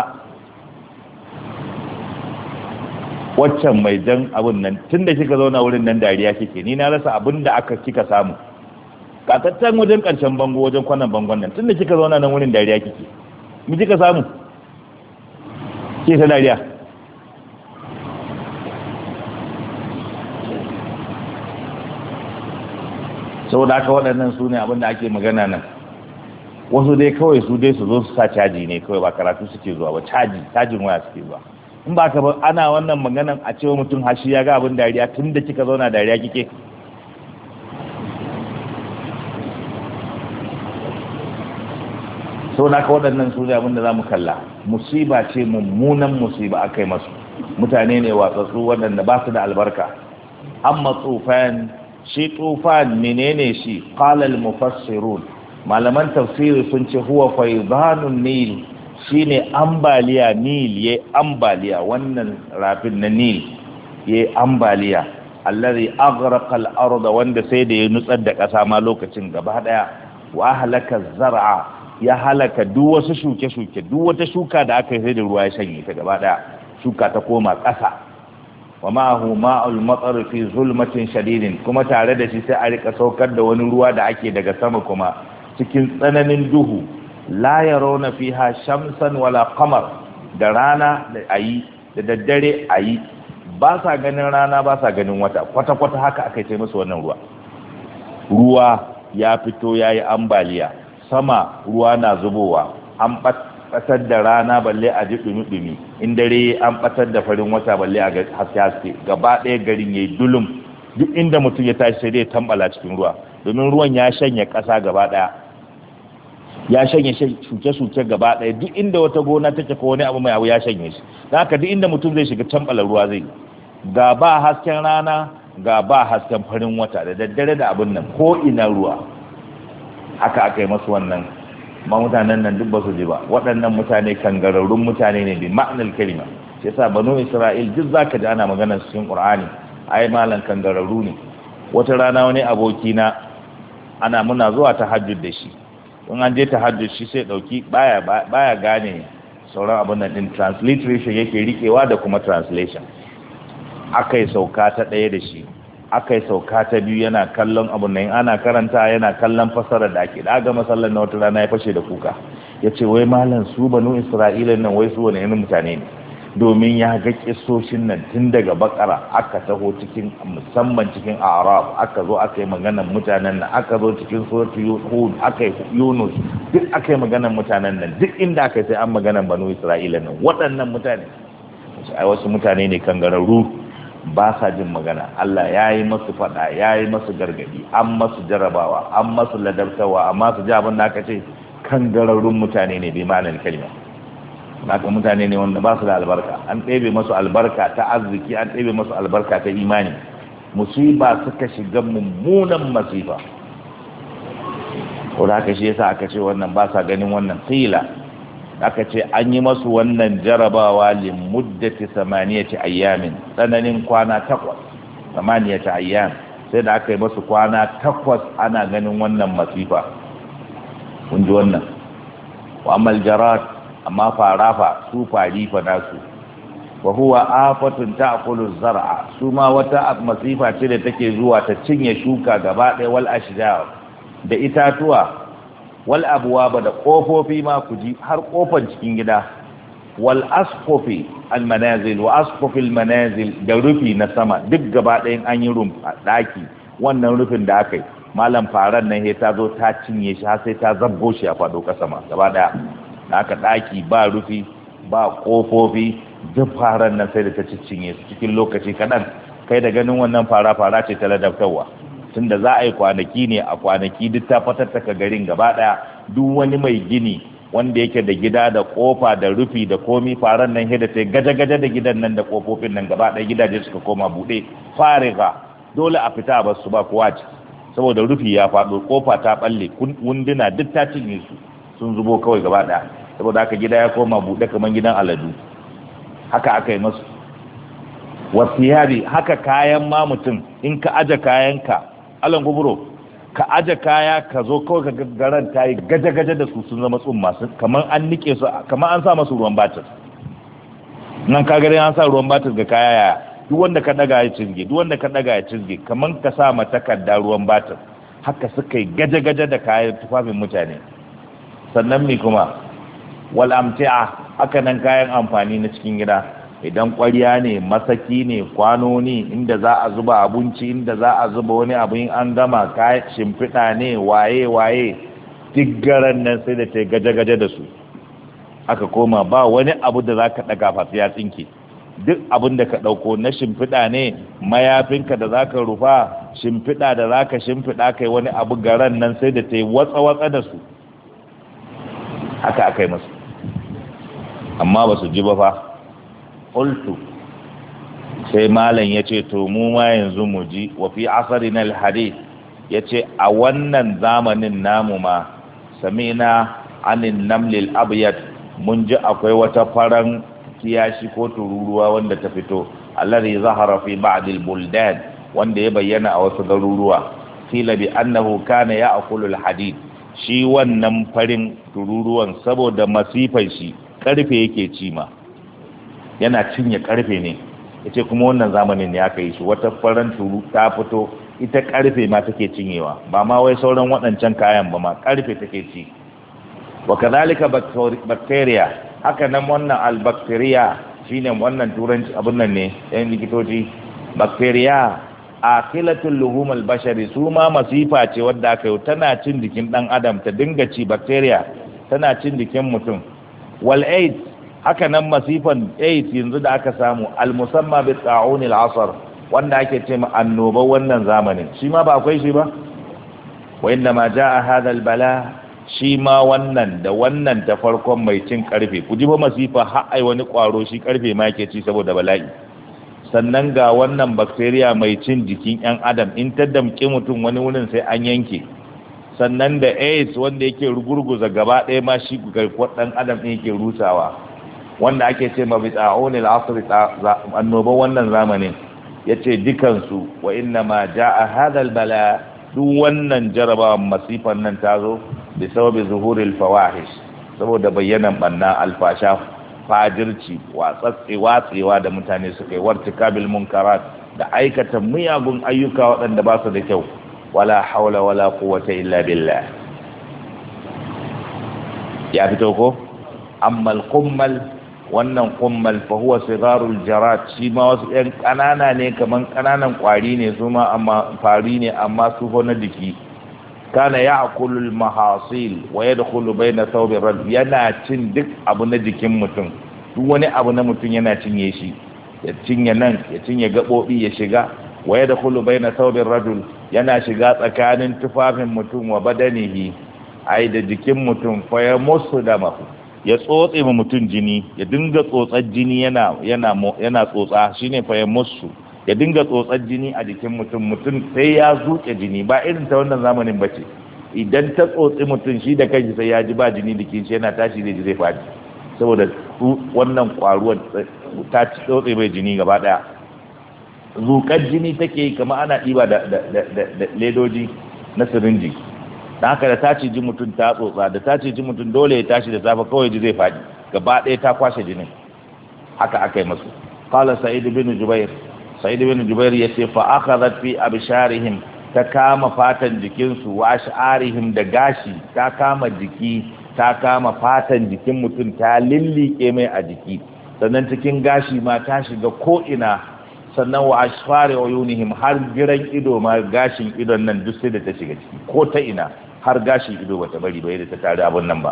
waccan mai jan abun nan tunda kika zauna wurin nan dariya kike ni na rasa abin da aka kika samu kakaccan wajen karshen bango wajen kwanan bangon nan tun da kika zauna nan wurin dariya kike mu kika samu ke ta dariya da aka waɗannan su ne abinda ake magana nan wasu dai kawai su dai su zo su sa caji ne kawai ba karatu suke zuwa ba caji cajin waya suke zuwa in ba ka ana wannan maganan a cewa mutum hashi ya ga abin dariya tun da kika zauna dariya kike sau na ka waɗannan su ne abinda za mu kalla musiba ce mummunan musiba aka yi masu mutane ne watsatsu waɗanda ba su da albarka amma tsufan shi tsufan menene shi falal mufassirun malaman tafsiri sun ce huwa faidanun nil shine ambaliya nil ya ambaliya wannan rafin na nil ya ambaliya allazi aghraqa arda wanda sai da ya nutsar da ƙasa ma lokacin gaba daya wa ahlaka zar'a ya halaka duk wasu shuke-shuke duk wata shuka da aka yi sai da ruwa ya shanye ta gaba daya shuka ta koma ƙasa wa ma'ahu ma'ul matsar fi zulmatin shadidin kuma tare da shi sai a rika saukar da wani ruwa da ake daga sama kuma cikin tsananin duhu la yarawna fiha shamsan wala qamar da rana da ayi da daddare ayi ba sa ganin rana ba sa ganin wata kwata-kwata haka aka yi musu wannan ruwa ruwa ya fito yayi ambaliya sama ruwa na zubowa an batar da rana balle a ji dumi-dumi in dare an batar da farin wata balle a haske gaba ɗaya garin ya yi dulum duk inda mutum ya tashi sai dai tambala cikin ruwa domin ruwan ya shanya ƙasa gaba ɗaya ya shanya shuke-shuke gaba ɗaya duk inda wata gona take ko wani abu mai abu ya shanya shi da haka duk inda mutum zai shiga tambala ruwa zai ga ba hasken rana ga ba hasken farin wata da daddare da abin nan ko ina ruwa haka aka yi masu wannan ma mutanen nan duk ba su ji ba waɗannan mutane kangararrun mutane ne bi ma'anar kalima shi yasa banu isra'il duk za ka ji ana maganar cikin qur'ani ai malan kangararru ne wata rana wani aboki na ana muna zuwa tahajjud da shi in an je tahajjud shi sai ɗauki, baya gane sauran abin nan din transliteration yake rikewa da kuma translation akai sauka ta ɗaya da shi Akai sauka ta biyu yana kallon abu nan ana karanta yana kallon fasarar da ake daga masallan na wata rana ya fashe da kuka ya ce wai malam su banu isra'ila nan wai su wani irin mutane ne domin ya ga kisoshin nan tun daga bakara aka taho cikin musamman cikin arab aka zo aka yi maganan mutanen nan aka zo cikin suratu hud aka yi yunus duk aka yi maganan mutanen nan duk inda aka sai an magana banu isra'ila nan waɗannan mutane ai wasu mutane ne kangararru ba sa jin magana Allah ya yi masu faɗa ya yi masu gargadi an masu jarabawa an masu ladabtawa amma su ji abin da aka ce kan gararrun mutane ne bai malar kalma haka mutane ne wanda ba su da albarka an ɗebe masu albarka ta arziki an ɗebe masu albarka ta imani musiba suka shiga mummunan masifa ko da haka shi yasa aka ce wannan ba sa ganin wannan tsila aka ce an yi masu wannan jarabawa limuddati samaniyati ayyamin tsananin kwana takwas samaniyati ayyam sai da aka yi masu kwana takwas ana ganin wannan masifa kun ji wannan wa amal jarat amma farafa su fari fa nasu wa huwa afatun ta'kulu zar'a su ma wata masifa ce da take zuwa ta cinye shuka gaba ɗaya wal ashjar da itatuwa wal abwaba da kofofi ma ku ji har kofan cikin gida wal askofi al manazil wa asqufi al da rufi na sama duk gaba ɗayan an yi a daki wannan rufin da aka yi malam faran nan ta zo ta cinye shi har sai ta zabbo shi a faɗo ƙasa ma gaba ɗaya aka ɗaki ba rufi ba kofofi, duk faran nan sai da ta cinye su cikin lokaci kaɗan kai da ganin wannan fara fara ce ta ladabtarwa tunda za a yi kwanaki ne a kwanaki duk ta fatattaka garin gaba daya duk wani mai gini wanda yake da gida da kofa da rufi da komi faran nan hida ta gaje-gaje da gidan nan da kofofin nan gaba daya gidaje suka koma bude fariga dole a fita ba su ba kowa ciki saboda rufi ya faɗo kofa ta balle wunduna duk ta cinye su sun zubo kawai gaba daya saboda haka gida ya koma bude kamar gidan aladu haka aka yi masu wasiyari haka kayan ma mutum in ka kayan ka. alan guburo ka aje kaya ka zo kawai ka garan ta yi gaje-gaje da su sun zama masu kamar an nike su kamar an sa masu ruwan batir nan ka gari an sa ruwan batir ga kaya ya duk wanda ka daga ya cinge duk wanda ka daga ya cinge kamar ka sa ma takarda ruwan batir haka suka yi gaje-gaje da kaya tufafin mutane sannan me kuma wal amti'a haka nan kayan amfani na cikin gida idan ƙwarya ne masaki ne kwanoni inda za a zuba abinci inda za a zuba wani abu in an gama ka shimfiɗa ne waye waye duk garan nan sai da ta gaje-gaje da su aka koma ba wani abu da za ka ɗaga fasu ya tsinke duk abin da ka ɗauko na shimfiɗa ne mayafinka da za ka rufa shimfiɗa da za ka shimfiɗa kai wani abu garan nan sai da ta yi watsa-watsa da su haka aka yi masu amma ba su ji ba fa qultu sai malam yace to mu ma yanzu mu ji wa fi asrina al hadith yace a wannan zamanin namu ma samina anin naml abyad mun ji akwai wata faran kiyashi ko tururuwa wanda ta fito alladhi zahara fi ba'd al wanda ya bayyana a wasu garuruwa kila bi annahu kana ya'kulu al-hadid shi wannan farin tururuwan saboda masifan shi karfe yake cima yana cinye karfe ne yace kuma wannan zamanin ne aka yi shi wata faran turu ta fito ita karfe ma take cinyewa ba ma wai sauran waɗancan kayan ba ma karfe take ci wa kadhalika bacteria haka nan wannan albacteria shine wannan turanci abin nan ne yan likitoci bacteria akilatul luhum albashari su ma masifa ce wadda aka yi tana cin jikin dan adam ta dinga ci bacteria tana cin jikin mutum wal aids haka nan masifan aids yanzu da aka samu al-musamma bi ta'un al-asr wanda ake ce ma annoba wannan zamanin shi ma ba akwai shi ba wa inna ma jaa hadha al-bala shi ma wannan da wannan ta farkon mai cin karfe ku ji ba masifa har ai wani kwaro shi karfe ma yake ci saboda bala'i sannan ga wannan bacteria mai cin jikin yan adam in ta damki mutum wani wurin sai an yanke sannan da aids wanda yake rugurguza gaba ɗaya ma shi garkuwar ɗan adam ɗin yake rusawa wanda ake ce ma bid'a'un al-asr annoban wannan zamanin yace dukansu wa inna ma jaa hadha al duk wannan jaraba masifan nan tazo bi sababi zuhuril fawahish saboda bayyanan banna alfasha fajirci watsatsi watsewa da mutane suka yi wartikabil munkarat da aikata miyagun ayyuka waɗanda ba su da kyau wala haula wala quwwata illa billah ya fito ko amma al-qummal wannan kummal fa huwa sigarul jarat shi ma wasu ɗan ƙanana ne kaman ƙananan ƙwari ne su ma amma fari ne amma su na jiki kana ya akulul mahasil wa ya da bai na yana cin duk abu na jikin mutum duk wani abu na mutum yana cinye shi ya cinye nan ya cinye gaɓoɓi ya shiga wa ya da bai na rajul yana shiga tsakanin tufafin mutum wa badanihi ai da jikin mutum fa ya musu da mafi ya tsotse ma mutum jini ya dinga tsotsar jini yana yana yana tsotsa shine fa ya musu ya dinga tsotsar jini a jikin mutum mutum sai ya zuke jini ba irin ta wannan zamanin bace idan ta tsotsi mutum shi da kanshi sai ya ji ba jini dake shi yana tashi zai ji zai faɗi saboda wannan kwaruwar ta tsotse mai jini gaba daya zukar jini take kamar ana ɗiba da ledoji na sirinji da haka da ta ji mutum ta tsotsa da ta ciji mutum dole ya tashi da safe kawai ji zai faɗi gaba ɗaya ta kwashe jinin haka aka yi masu qala sa'id bin jubair sa'id bin jubair yace fa akhadhat fi absharihim ta kama fatan jikinsu wa sha'arihim da gashi ta kama jiki ta kama fatan jikin mutum ta lillike mai a jiki sannan cikin gashi ma ta shiga ko ina sannan wa asfari wa har giran ido ma gashin idon nan duk sai da ta shiga ciki ko ta ina har gashin ido bata bari ba da ta tare abun nan ba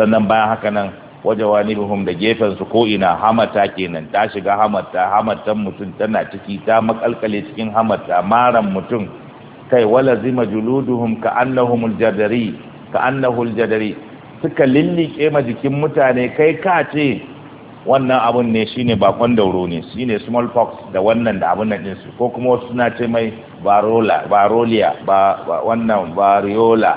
sannan bayan haka nan wani buhum da gefen su ko ina hamata kenan ta shiga hamata hamatan mutum tana ciki ta makalkale cikin hamata maran mutum kai wala zima juluduhum ka annahum aljadari ka annahu aljadari suka lillike ma jikin mutane kai ka ce wannan abun ne shine bakon dauro ne shine smallpox da wannan da abun nan din su ko kuma wasu suna ce mai varola varolia ba wannan variola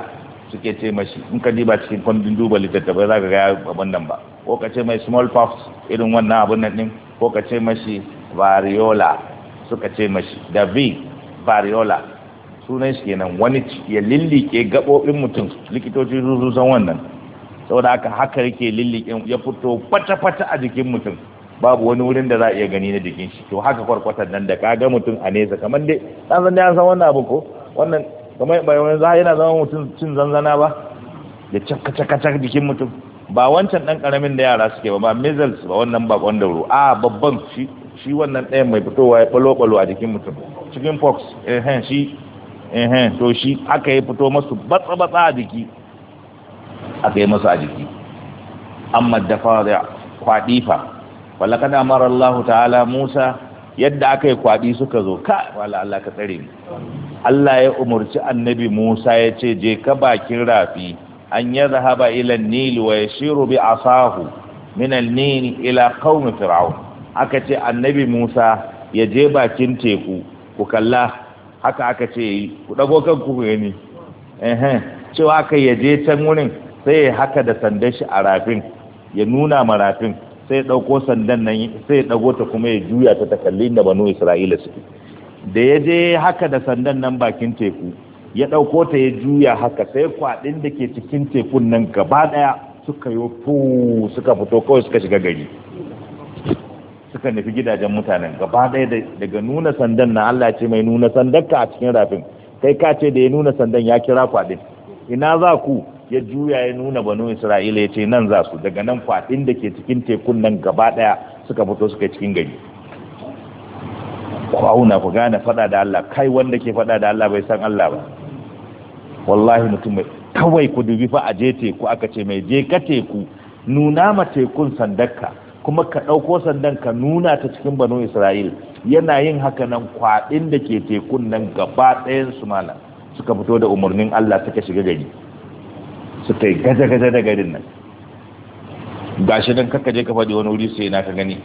suke ce mashi in ka diba cikin kwandun duba littattafai za ka gaya abun nan ba ko ka ce mai smallpox irin wannan abun nan din ko ka ce mashi variola suka ce mashi da v variola sunan shi kenan wani ya lillike gaɓoɓin mutum likitoci sun san wannan saboda haka haka yake lillikin ya fito kwata-kwata a jikin mutum babu wani wurin da za a iya gani na jikin shi to haka kwarkwatan nan da ka ga mutum a nesa kamar dai dan zan ya san wannan abu ko wannan kamar bai wani za yana zama mutum cin zanzana ba da cakka-cakka jikin mutum ba wancan dan karamin da yara suke ba ba measles ba wannan ba wanda ru a babban shi shi wannan ɗayan mai fitowa ya balo-balo a jikin mutum chicken pox eh shi eh to shi aka yi fito masu batsa-batsa a jiki a yi masu a jiki amma dafa da kwaɗi fa wala kada mara Allah ta'ala Musa yadda aka yi kwaɗi suka zo ka wala Allah ka tsare mu Allah ya umarci annabi Musa ya ce je ka bakin rafi an ya zahaba ila nil wa yashiru bi asahu min al-nil ila qaum fir'aun aka ce annabi Musa ya je bakin teku ku kalla haka aka ce ku dago kanku ku gani cewa aka yaje can wurin sai ya haka da sandan shi a rafin ya nuna ma rafin sai ya ɗauko sandan nan sai ya ɗago ta kuma ya juya ta ta da banu isra'ila suke da ya je haka da sandan nan bakin teku ya ɗauko ta ya juya haka sai kwaɗin da ke cikin tekun nan gaba ɗaya suka yi fu suka fito kawai suka shiga gari suka nufi gidajen mutanen gaba ɗaya daga nuna sandan na Allah ce mai nuna sandan ka a cikin rafin kai ka ce da ya nuna sandan ya kira kwaɗin ina za ku ya juya ya nuna banu isra'ila ya ce nan za su daga nan kwaɗin da ke cikin tekun nan gaba ɗaya suka fito suka cikin gari kwauna ku gane faɗa da Allah kai wanda ke faɗa da Allah bai san Allah ba wallahi mutum mai kawai ku dubi fa a je teku aka ce mai je ka teku nuna ma tekun sandarka kuma ka ɗauko sandan ka nuna ta cikin banu isra'il yana yin haka nan kwaɗin da ke tekun nan gaba ɗayan su malam suka fito da umarnin Allah suka shiga gari suka yi gaza-gaza da garin nan Ga shi don kakka je ka faɗi wani wuri sai na ka gani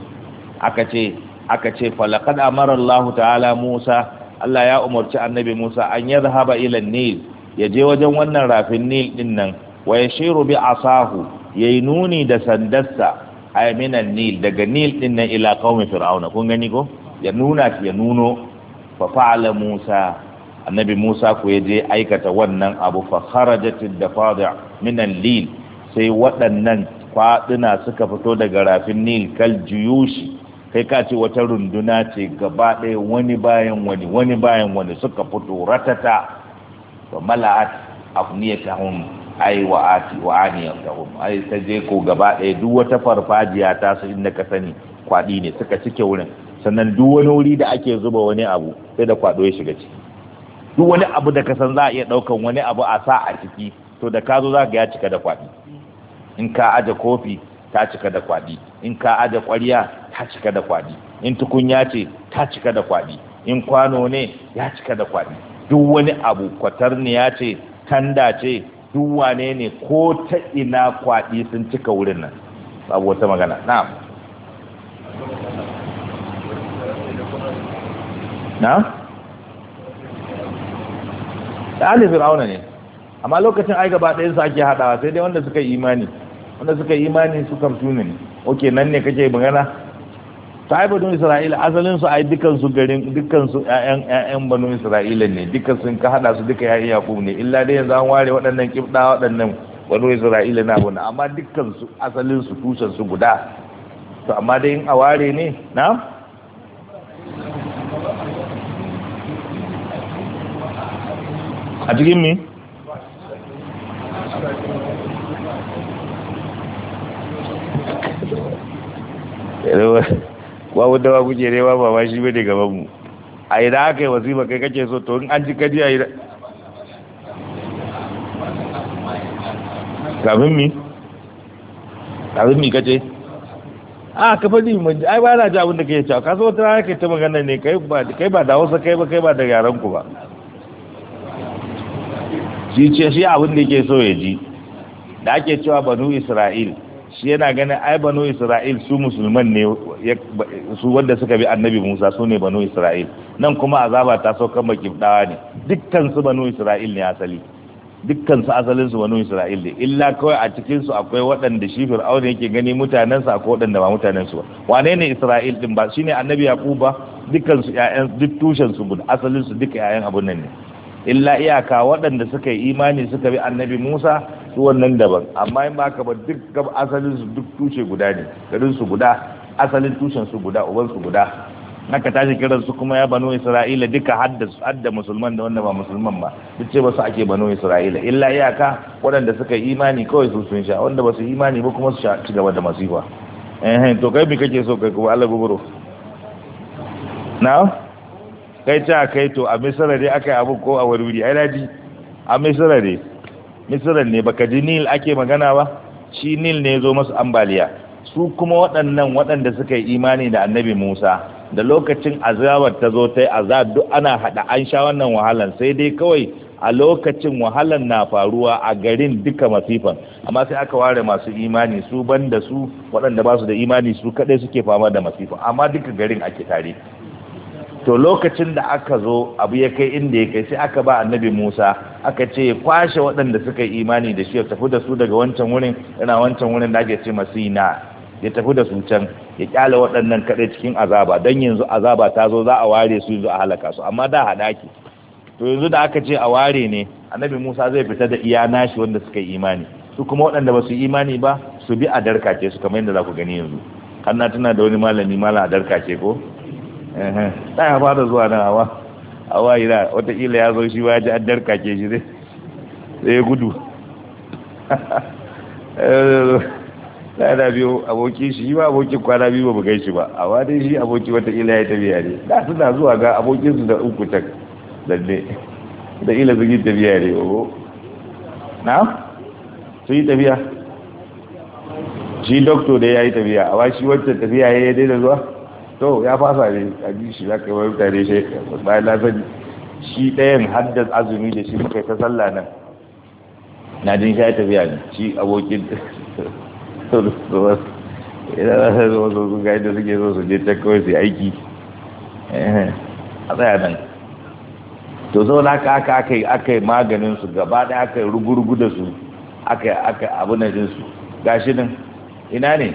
aka ce aka ce falakad amara Allah ta'ala Musa Allah ya umarci annabi Musa an ya zahaba ila Nil ya je wajen wannan rafin Nil din nan wa yashiru bi asahu yayi nuni da sandarsa ay Nil daga Nil din nan ila qaumi fir'auna kun gani ko ya nuna ya nuno fa fa'ala Musa annabi Musa ku ya je aikata wannan abu fa kharajatil dafadi min al-lil sai waɗannan faduna suka fito daga rafin Nil kal juyushi kai ka ce wata runduna ce gaba ɗaya wani bayan wani wani bayan wani suka fito ratata to mala'at afniyatahum ai wa ati wa aniyatahum ai ta je ko gaba ɗaya duk wata farfajiya ta su inda ka sani kwaɗi ne suka cike wurin sannan duk wani wuri da ake zuba wani abu sai da kwaɗo ya shiga ciki duk wani abu da ka san za a iya ɗaukan wani abu a sa a ciki to da ka zo za ga ya cika da kwaɗi in ka aje kofi ta cika da kwaɗi in ka aje ƙwarya ta cika da kwaɗi in tukunya ce ta cika da kwaɗi in kwano ne ya cika da kwaɗi duk wani abu ya ce tanda ce duk wane ne ko ta ina kwaɗi sun cika wurin nan babu wata magana Na. na'am da ali fir'auna ne amma lokacin ai gaba ɗayan su ake haɗawa sai dai wanda suka yi imani wanda suka yi imani su kam su ne oke nan ne kake magana ta ai banu isra'ila asalin su ai dukkan su garin dukkan su ƴaƴan ƴaƴan banu isra'ila ne dukkan sun ka haɗa su duka ƴaƴan yaqub ne illa dai yanzu an ware waɗannan kibda waɗannan banu isra'ila na bana amma dukkan su asalin su tushen su guda to amma dai in a ware ne na a cikin wa wadda dawa kuke ne ba ba shi ba ne gaban mu a yi da aka yi wasifa kai kake so to an ji kadi a yi kafin mi kafin mi kace a ka faɗi mai ai ba na ji abinda ka kake cewa kasuwa ta rana ta magana ne kai ba da hausa kai ba kai ba da yaran ku ba shi ce shi abin da yake so ya ji da ake cewa banu isra'il shi yana ganin ai banu isra'il su musulman ne su wanda suka bi annabi musa su ne banu isra'il nan kuma azaba ta saukan makibdawa ne dukkan su banu isra'il ne asali dukkan su asalin su banu isra'il ne illa kawai a cikin su akwai waɗanda shi fir'auna yake gani mutanen sa akwai waɗanda ba mutanen su ba wane ne isra'il din ba shine annabi yaqub ba dukkan su ƴaƴan duk tushen su asalin su duka ƴaƴan abun nan ne illa iyaka waɗanda suka yi imani suka bi annabi musa su wannan daban amma in ba ka ba duk asalin su duk tushe guda ne garin su guda asalin tushen su guda uban su guda haka tashi kiran su kuma ya banu isra'ila duka hadda hadda musulman da wanda ba musulman ba duk ce ba su ake banu isra'ila illa iyaka waɗanda suka yi imani kawai su sun sha wanda ba su imani ba kuma su sha ci gaba da masifa eh to kai me kake so kai kuma Allah guburo na'am kai ta kai to a misira dai aka yi abu ko a wuri ai daji a misira dai misira ne baka ji nil ake magana ba shi nil ne ya zo masu ambaliya su kuma waɗannan waɗanda suka yi imani da annabi musa da lokacin azabar ta zo ta yi azab duk ana haɗa an sha wannan wahalan sai dai kawai a lokacin wahalan na faruwa a garin duka masifan amma sai aka ware masu imani su banda su waɗanda ba su da imani su kaɗai suke fama da masifan, amma duka garin ake tare to lokacin da aka zo abu ya kai inda ya kai sai aka ba annabi Musa aka ce ya kwashe waɗanda suka yi imani da shi ya tafi da su daga wancan wurin yana wancan wurin da ake ce masina ya tafi da su can ya kyale waɗannan kaɗai cikin azaba don yanzu azaba ta zo za a ware su yanzu a halaka su amma da haɗa ke to yanzu da aka ce a ware ne annabi Musa zai fita da iya nashi wanda suka yi imani su kuma waɗanda ba su yi imani ba su bi a darkace su kamar yadda za ku gani yanzu kanna tana da wani malami malam a darkace ko ta ya fara zuwa nan awa awa ina watakila ya zo shi ba ji an ke shi zai ya gudu ta da biyu aboki shi ba abokin kwana biyu ba bugai shi ba awa dai shi aboki watakila ya tafiya ne da suna zuwa ga abokinsu da uku tak lalle da ila su yi tafiya ne ogo na su yi tafiya shi doktor da ya yi tafiya amma shi wancan tafiya ya yi daina zuwa to ya fasa ne a ji shi za ka yi mutane shi bayan lafiyar shi ɗayan haddar azumi da shi muka yi ta sallah nan na jin ya tafiya ne shi abokin idan za su zo su ga suke so su je ta kawai su aiki eh, a tsaya nan to da aka aka aka yi aka yi maganin su gaba da aka yi rugurugu da su aka yi aka abu na jinsu gashi nan ina ne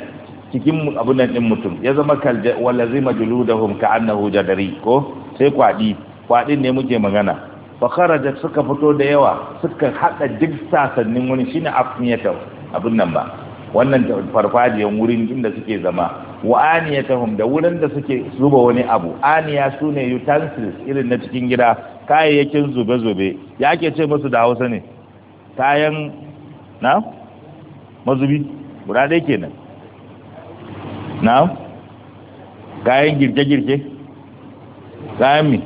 cikin abun nan din mutum ya zama kalja walazima juludahum annahu jadari ko sai kwadi kwadin ne muke magana fa kharaja suka fito da yawa suka hada duk sasannin wani shine afniyata abun nan ba wannan farfajiyan wurin inda suke zama wa aniyatahum da wurin da suke zuba wani abu aniya sune utensils irin na cikin gida kayayyakin zube-zube ya ake ce musu da hausa ne kayan na mazubi guda dai kenan na'am kayan girke-girke kayan mi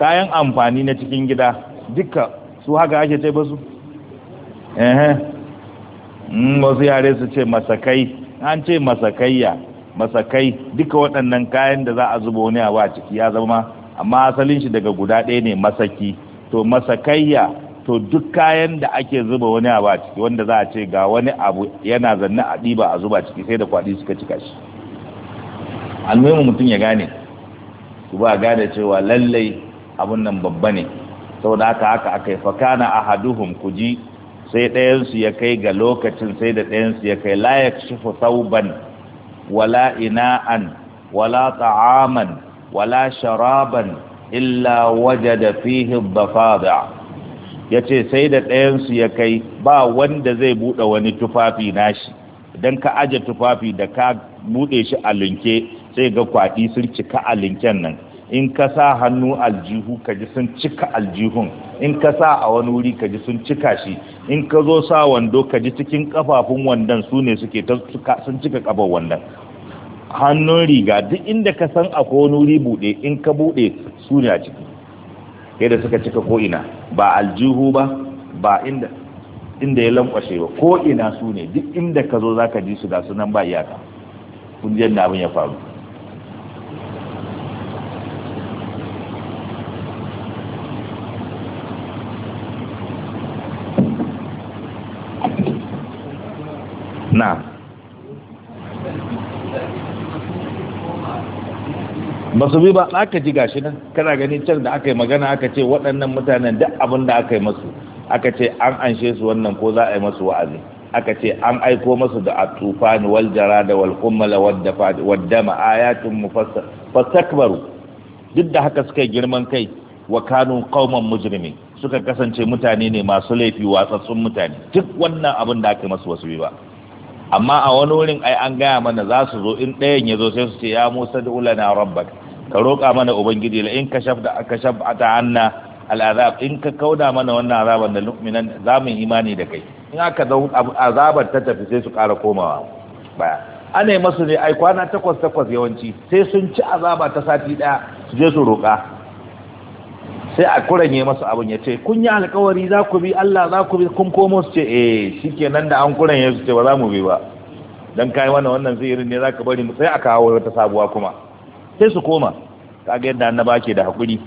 kayan amfani na cikin gida duka su haka ake ce ba su mm, wasu yare su ce masakai an ce masakaiya masakai duka waɗannan kayan da za a zuba wani abu a ciki ya zama amma asalin shi daga guda ɗaya ne masaki to masakayya to duk kayan da ake zuba wani abu a ciki wanda za a ce ga wani abu yana zanne a ɗiba a zuba ciki sai da kwaɗi suka cika shi almuhimmin mutum ya gane su ba gane cewa lallai abun nan babba ne da haka haka aka yi fakana ahaduhum ku ji sai ɗayansu ya kai ga lokacin sai da ɗayansu ya kai layak shifu sauban wala ina'an wala ta'aman wala sharaban illa wajada fihi bafada ya ce sai da ɗayansu ya kai ba wanda zai buɗe wani tufafi nashi idan ka aje tufafi da ka buɗe shi a linke sai ga kwaɗi sun cika a linken nan in ka sa hannu aljihu ka ji sun cika aljihun in ka sa a wani wuri ka ji sun cika shi in ka zo sa wando ka ji cikin kafafun wandon su ne suke sun cika kafar wandon hannun riga duk inda ka san akwai wani wuri buɗe in ka buɗe su ne a ciki ke da suka cika ko'ina ba aljihu ba ba inda inda ya lankwashe ba ko'ina su ne duk inda ka zo za ka ji su da sunan ba iyaka kun jan abin ya faru na ba su bi ba aka ji gashi nan kana gani can da aka yi magana aka ce waɗannan mutanen duk abin da aka yi masu aka ce an anshe su wannan ko za a yi masu wa'azi aka ce an aiko masu da a tufani wal jara da wal kummala wadda dama ayatun mufassar fastakbaru duk da haka suka girman kai wa kanu kauman mujrimin suka kasance mutane ne masu laifi watsatsun mutane duk wannan abin da aka yi masu wasu bi ba amma a wani wurin ai an gaya mana za su zo in ɗayan ya zo sai su ce ya musa da ulana rabbaka ka roƙa mana ubangiji la in kashaf da kashaf ta anna al'azab in ka kauda mana wannan azaban da lu'minan za mu imani da kai in aka zau azabar ta tafi sai su ƙara komawa baya ana yi masu ne ai kwana takwas takwas yawanci sai sun ci azaba ta sati ɗaya su je su roƙa sai a kuranye masu abin ya ce kun yi alkawari za ku bi Allah za ku bi kun komo su ce eh shikenan da an kuranye su ce ba za mu bi ba dan kai wannan wannan irin ne za ka bari mu sai a kawo wata sabuwa kuma sai su koma ga yadda annaba ke da hakuri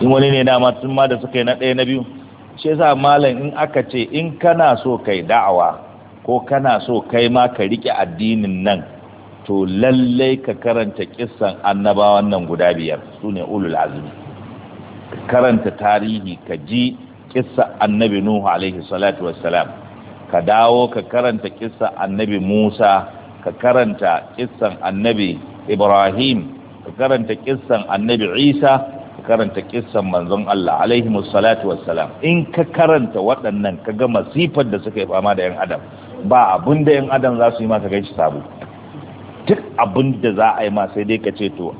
in wani ne dama tun ma da suka yi na ɗaya na biyu shi malam in aka ce in kana so kai da'awa ko kana so kai ma ka riƙe addinin nan to lallai ka karanta kissan annabawan nan guda biyar su ne ulul azumi ka karanta tarihi ka ji kissa annabi nuhu alaihi salatu wassalam ka dawo ka karanta kissa annabi musa ka karanta kissan annabi ibrahim ka karanta kissan annabi isa ka karanta kissan manzon Allah alaihi musallatu wassalam in ka karanta waɗannan ka ga masifar da suka yi fama da yan adam ba abin da yan adam za su yi maka gaishe sabo duk abin da za a yi ma sai dai ka ce to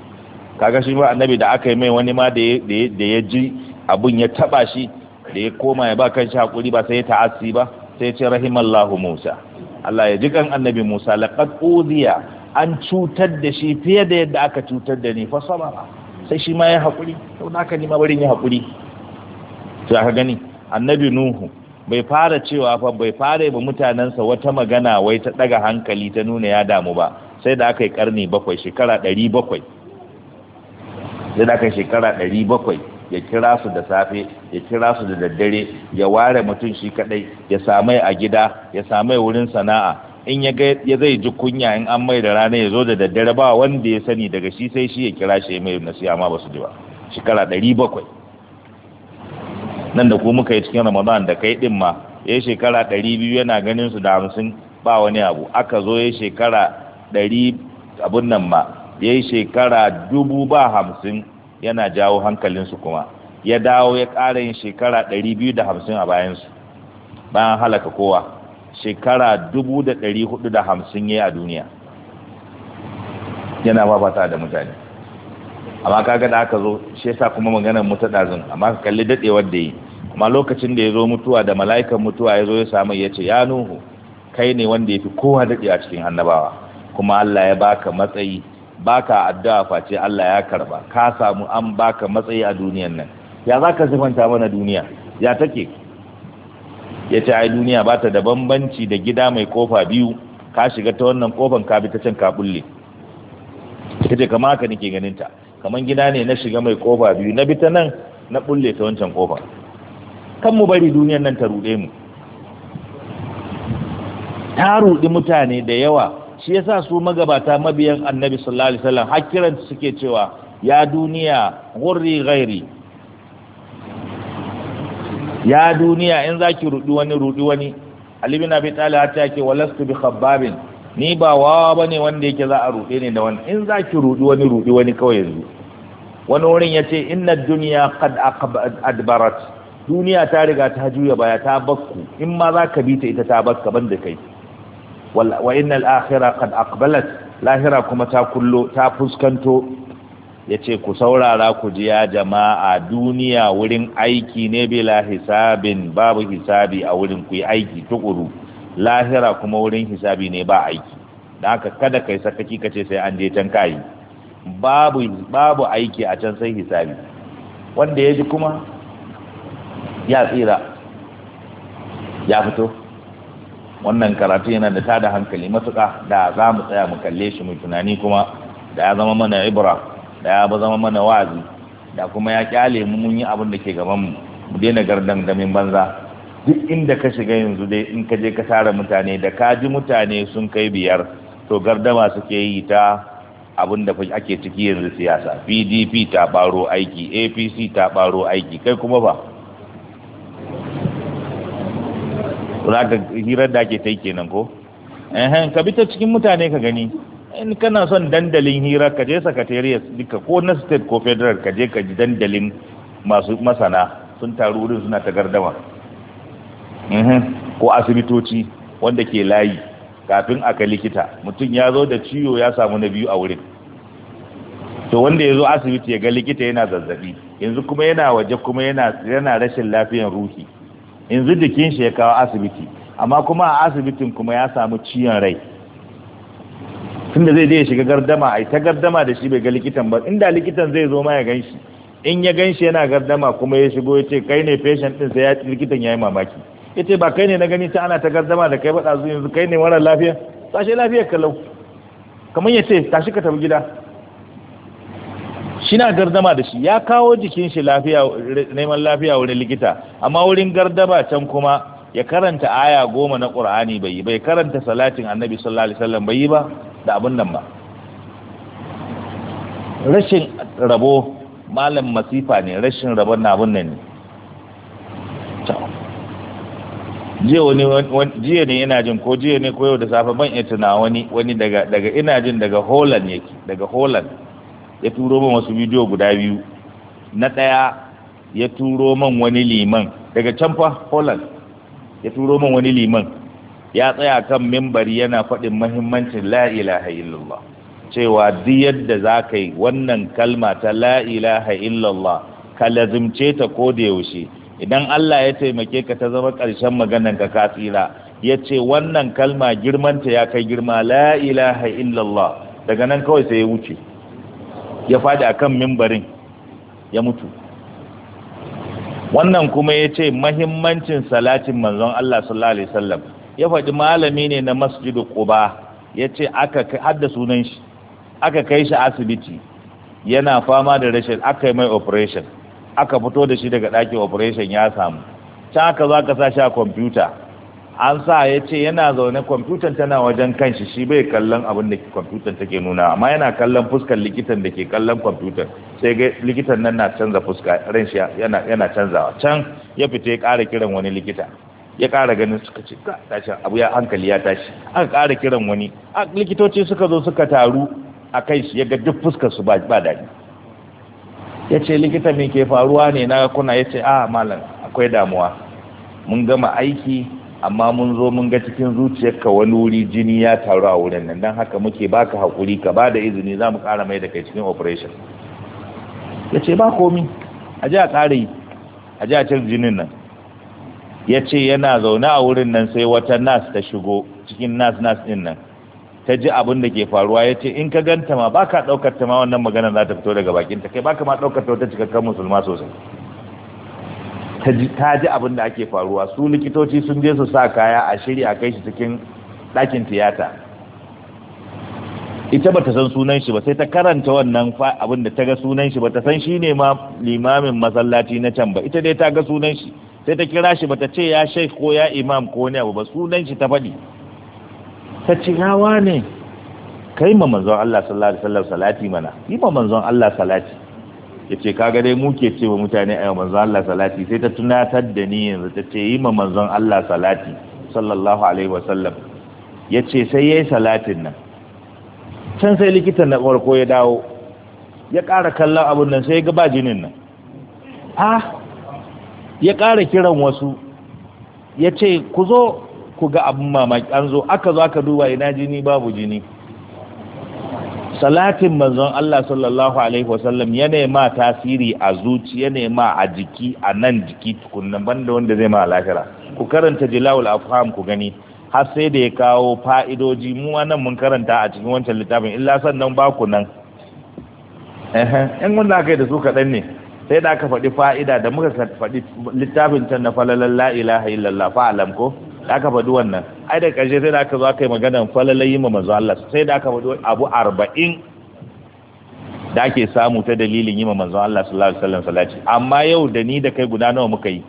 kaga shi ma annabi da aka yi mai wani ma da ya ji abin ya taba shi da ya koma ya ba kan shi hakuri ba sai ya ta'asi ba sai ya ce rahimallahu Musa Allah ya ji kan annabi Musa laqad an cutar da shi fiye da yadda aka cutar da ni fa sabara sai shi ma ya haƙuri sau naka nima barin ya haƙuri to aka gani annabi nuhu bai fara cewa fa bai fara ba mutanensa wata magana wai ta ɗaga hankali ta nuna ya damu ba sai da aka yi ƙarni bakwai shekara ɗari bakwai sai da aka yi shekara ɗari bakwai ya kira su da safe ya kira su da daddare ya ware mutum shi kaɗai, ya samai a gida ya samai wurin sana'a in ya ya zai ji kunya in an mai da rana ya zo da daddare ba wanda ya sani daga shi sai shi ya kira shi mai nasiya ma ba su ji ba shekara ɗari bakwai nan da ku muka yi cikin ramadan da kai ɗin ma ya shekara ɗari biyu yana ganin su da hamsin ba wani abu aka zo ya shekara ɗari abun nan ma ya yi shekara dubu ba hamsin yana jawo hankalinsu kuma ya dawo ya ƙara yin shekara ɗari biyu da hamsin a bayansu bayan halaka kowa shekara 450 yayi a duniya yana babata da mutane amma kaga da aka zo shi yasa kuma maganar mu ta amma ka kalli dadewar da yi amma lokacin da ya zo mutuwa da mala'ikan mutuwa ya zo ya samu ya ce ya nuhu kai ne wanda ya fi kowa daɗe a cikin annabawa kuma Allah ya baka matsayi baka addu'a face Allah ya karba ka samu an baka matsayi a duniyan nan ya za ka sifanta mana duniya ya take ya ce ai duniya ba ta da bambanci da gida mai kofa biyu ka shiga ta wannan kofan ka bi ta can ka bulle ta ce kama haka nake ganin ta kamar gida ne na shiga mai kofa biyu na bi ta nan na bulle ta wancan kofa kan mu bari duniyar nan ta ruɗe mu ta ruɗi mutane da yawa shi yasa su magabata mabiyan annabi sallallahu alaihi wasallam har kiran suke cewa ya duniya wuri ghairi ya duniya in ki rudi wani rudi wani Ali bin Abi Talib ta ce walastu bi khabbabin ni ba wawa bane wanda yake za a rude ne da wani in ki rudi wani rudi wani kawai yanzu wani wurin yace inna dunya qad adbarat duniya ta riga ta juya baya ta bakku in ma zaka bi ta ita ta bakka banda kai wa innal akhirah qad aqbalat lahira kuma ta kullo ta fuskanto ya ce ku saurara ku ji ya jama'a duniya wurin aiki ne bila hisabin babu hisabi a wurin ku yi aiki tukuru lahira kuma wurin hisabi ne ba aiki da haka kada kai sakaki ka ce sai an je can kayi babu babu aiki a can sai hisabi wanda ya ji kuma ya tsira ya fito wannan karatu yana da tada hankali matuƙa da za mu tsaya mu kalle shi mu tunani kuma da ya zama mana ibra da ya ba zama mana wazi da kuma ya kyale mu mun yi abin da ke gaban mu mu daina min banza duk inda ka shiga yanzu dai in ka je ka tara mutane da ka ji mutane sun kai biyar to gardama suke yi ta abin da ake ciki yanzu siyasa pdp ta baro aiki apc ta baro aiki kai kuma ba za ka hirar da ake ta kenan ko ka bi ta cikin mutane ka gani in kana son dandalin hira ka je sakatariyar duka ko na state ko federal ka je ka ji dandalin masu masana sun taru wurin suna ta gardama mhm. ko asibitoci wanda ke layi kafin aka likita mutum ya zo da ciwo ya samu na biyu a wurin to wanda ya zo asibiti ya ga likita yana zazzabi yanzu kuma yana waje kuma yana yana rashin lafiyar ruhi yanzu jikin shi ya kawo asibiti amma kuma a asibitin kuma ya samu ciyon rai tunda zai je ya shiga gardama ai ta gardama da shi bai ga likitan ba inda likitan zai zo ma ya ganshi in ya ganshi yana gardama kuma ya shigo ya ce kai ne patient din sai ya likitan yayi mamaki yace ba kai ne na gani ta ana ta gardama da kai ba zuwa yanzu kai ne mara lafiya tashi lafiya kalau kamar yace tashi ka tafi gida shi na gardama da shi ya kawo jikin shi lafiya neman lafiya wurin likita amma wurin gardama can kuma ya karanta aya goma na ƙur'ani bai yi bai karanta salatin annabi sallallahu alaihi wasallam bai yi ba da abin nan ba rashin rabo malam masifa ne rashin rabo na abin nan ne jiya ne yana jin ko jiya ne ko yau da safe ban iya tuna wani wani daga daga ina jin daga holland yake daga holland ya turo min wasu bidiyo guda biyu na ɗaya ya turo min wani liman daga can fa holland ya turo min wani liman ya tsaya kan mimbari yana faɗin mahimmancin la’ilaha illallah cewa diyar yadda za ka yi wannan kalma ta la’ilaha illallah ka lazimce ta ko da yaushe idan Allah ya taimake ka ta zama ƙarshen maganan ka ka tsira ya ce wannan kalma girmanta ya kai girma la’ilaha illallah daga nan kawai sai ya wuce ya faɗi a kan mimbarin ya mutu wannan kuma ya ce mahimmancin salatin manzon Allah sallallahu alaihi wasallam ya faɗi malami ne na masjidu quba ya ce aka sunan shi aka kai shi asibiti yana fama da rashin aka yi mai operation aka fito da shi daga ɗakin operation ya samu can aka za ka sa shi a kwamfuta an sa ya ce yana zaune kwamfutan tana wajen kanshi shi bai kallon abin da kwamfutan take nuna amma yana kallon fuskar likitan da ke kallon kwamfutan sai ga likitan nan na canza fuska ran shi yana canzawa can ya fita ya kara kiran wani likita ya ƙara ganin suka ce tashi abu ya hankali ya tashi aka ƙara kiran wani likitoci suka zo suka taru a kai shi ya ga duk fuskar su ba daɗi ya ce likita mai ke faruwa ne na kuna ya ce a ah, malam akwai damuwa mun gama aiki amma mun zo mun ga cikin zuciyarka wani wuri jini ya taru a wurin nan don haka muke baka hakuri ka ba da izini za mu ƙara mai da kai cikin operation ya ce ba komi a ji a ƙara a ji a cin jinin nan ya ce yana zaune a wurin nan sai wata nas ta shigo cikin nas nas ɗin nan ta ji abin da ke faruwa ya ce in ka ganta ma ba ka ɗaukar ma wannan magana za ta fito daga bakin ta kai ba ka ma ɗaukar wata cikakken musulma sosai ta ji abin da ake faruwa su likitoci sun je su sa kaya a shiri a kai shi cikin ɗakin tiyata ita ba ta san sunan shi ba sai ta karanta wannan abin da ta ga sunan shi ba ta san shi ne ma limamin masallaci na can ba ita dai ta ga sunan shi sai ta kira shi bata ce ya sheikh ko ya imam ko wani abu ba sunan shi ta faɗi ta ce yawa ne kai ma manzon Allah sallallahu alaihi wasallam salati mana yi ma manzon Allah salati yace kaga dai mu ke cewa mutane ayo manzon Allah salati sai ta tunatar da ni yanzu ta ce yi ma manzon Allah salati sallallahu alaihi wasallam yace sai yayi salatin nan can sai likitan na farko ya dawo ya ƙara kallon abun nan sai ya ga ba jinin nan ah ya ƙara kiran wasu ya ce ku zo ku ga abin mamaki an zo aka zo aka duba ina jini babu jini salatin manzon Allah sallallahu alaihi wasallam yana ma tasiri a zuci yana ma a jiki a nan jiki tukunan banda wanda zai ma lahira ku karanta jilawul afham ku gani har sai da ya kawo fa'idoji mu nan mun karanta a cikin wancan littafin illa sannan ba ku nan in wanda aka yi da su kaɗan ne sai da aka faɗi fa'ida da muka faɗi littafin can na falalan la'ilaha, ilaha illallah fa'alam ko da aka faɗi wannan ai da ƙarshe sai da aka zo aka yi maganan falalayi ma manzo Allah sai da aka faɗi abu arba'in da ake samu ta dalilin yi ma manzo Allah sallallahu alaihi wasallam salati amma yau da ni da kai guda nawa muka yi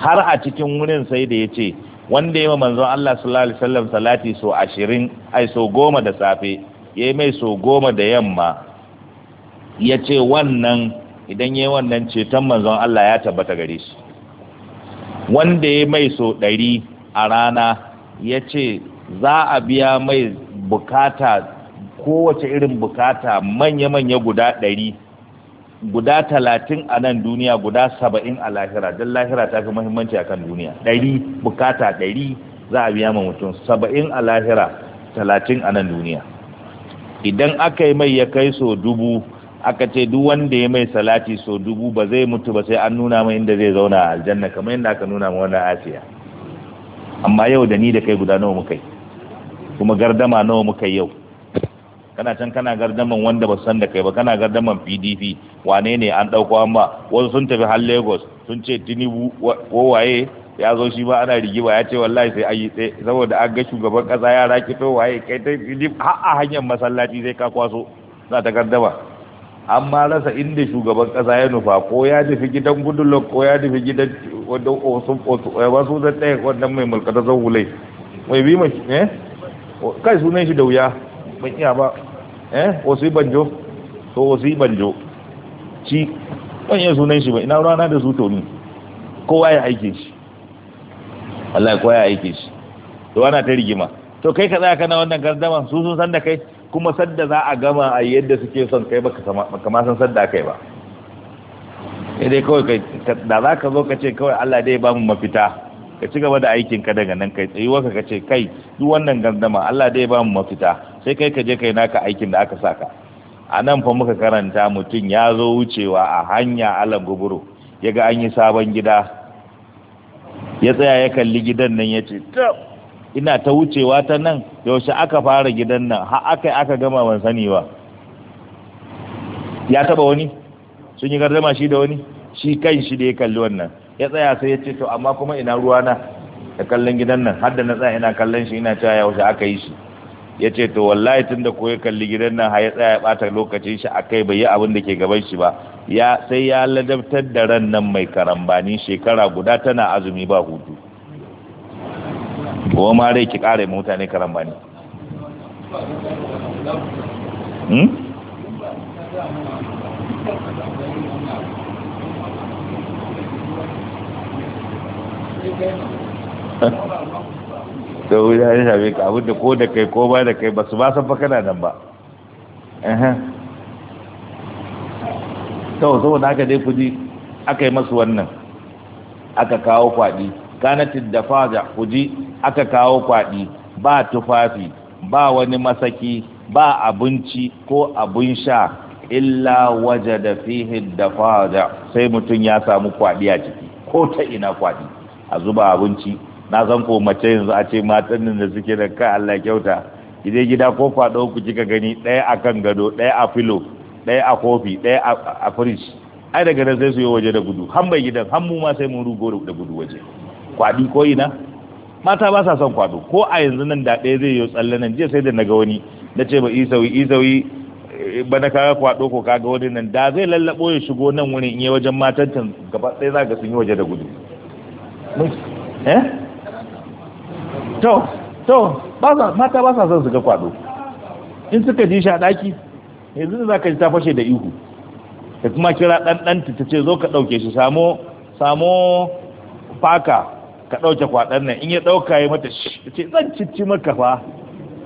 har a cikin wurin sai da ya ce wanda ya ma manzo Allah sallallahu alaihi wasallam salati so ashirin ai so goma da safe ya yi mai so goma da yamma ya ce wannan idan yi wannan ceton manzon Allah ya tabbata gare shi wanda ya mai so ɗari a rana ya ce za a biya mai bukata kowace irin bukata manya-manya guda ɗari guda talatin a nan duniya guda saba'in a lahira don lahira ta fi muhimmanci akan duniya ɗari bukata ɗari za a biya ma mutum saba'in a lahira talatin a nan duniya idan aka yi mai ya kai so dubu aka ce duk wanda ya mai salati so dubu ba zai mutu ba sai an nuna mai inda zai zauna a aljanna kamar yadda aka nuna ma wannan asiya amma yau da ni da kai guda nawa muka yi kuma gardama nawa muka yau kana can kana gardaman wanda ba san da kai ba kana gardaman pdp wane ne an ɗauko an ba wasu sun tafi har lagos sun ce tinubu waye ya zo shi ba ana rigiba ya ce wallahi sai an yi saboda an ga shugaban kasa yara to waye kai ta pdp har a hanyar masallaci zai ka kwaso za ta gardama an ma rasa inda shugaban kasa ya nufa ko ya tafi gidan gudulok ko ya tafi gidan osun osu ya ba su zai tsaye wadda mai mulkata zan hulai mai bi mai eh kai sunan shi da wuya mai iya ba eh osu banjo to osu banjo ci ban iya sunan shi ba ina rana da su to ni kowa ya aike shi wallahi kowa ya aike shi to ana ta rigima to kai ka tsaya na wannan gardama su sun san da kai kuma sadda za a gama a yadda suke son kai ka ma san sadda kai ba dai kawai da za ka zo ka ce kawai Allah dai ba mu mafita ka ci gaba da aikin ka daga nan kai tsayuwa ka ce kai duk wannan gandama Allah dai ba mu mafita sai kai ka je kai naka aikin da aka saka a nan fa muka karanta mutum ya zo wucewa a hanya alan guburu ya ga an yi sabon gida ya tsaya ya kalli gidan nan ya ce tab ina ta wucewa ta nan yaushe aka fara gidan nan har aka aka gama ban sani ba ya taba wani sun yi gardama shi da wani shi kan shi da ya kalli wannan ya tsaya sai ya ce to amma kuma ina ruwa na da kallon gidan nan har da na tsaya ina kallon shi ina cewa yaushe aka yi shi ya ce to wallahi tun da ko ya kalli gidan nan har ya tsaya ya bata lokacin shi akai bai yi abin da ke gaban shi ba ya sai ya ladabtar da ran nan mai karambani shekara guda tana azumi ba hutu ko ma dai ki kare mutane karan bani hmm? ta wuri ya shafe ka abin da ko da kai ko ba da kai ba su ba san fa kana nan ba zo saboda haka dai kudi aka yi masu wannan aka kawo kwadi kanatin da faja kuji aka kawo kwaɗi ba tufafi ba wani masaki ba abinci ko abin sha illa waje da fihin da faja sai mutum ya samu kwaɗi a ciki ko ta ina kwaɗi a zuba abinci na san ko mace yanzu a ce matan da suke da ka Allah kyauta gida gida ko faɗo ku kika gani ɗaya a kan gado ɗaya a filo ɗaya a kofi ɗaya a firish ai daga nan sai su yi waje da gudu han bai gidan han mu ma sai mun rugo da gudu waje kwaɗi ko ina mata ba sa son kwado ko a yanzu nan da ɗaya zai yi tsalle nan jiya sai da naga wani na ce ba isawi isawi eh, ba na kaga kwado ko kaga wani nan da zai lallabo ya shigo nan wani in yi wajen matan can gaba ɗaya za ga sun yi waje da gudu eh to to mata ba sa son su ga kwado in suka ji shi a ɗaki yanzu za ka ji ta fashe da ihu da kuma kira ɗan ta ce zo ka ɗauke shi samo samo faka ka ɗauke kwaɗan nan in ya ɗauka ya mata shi ce zan cici maka fa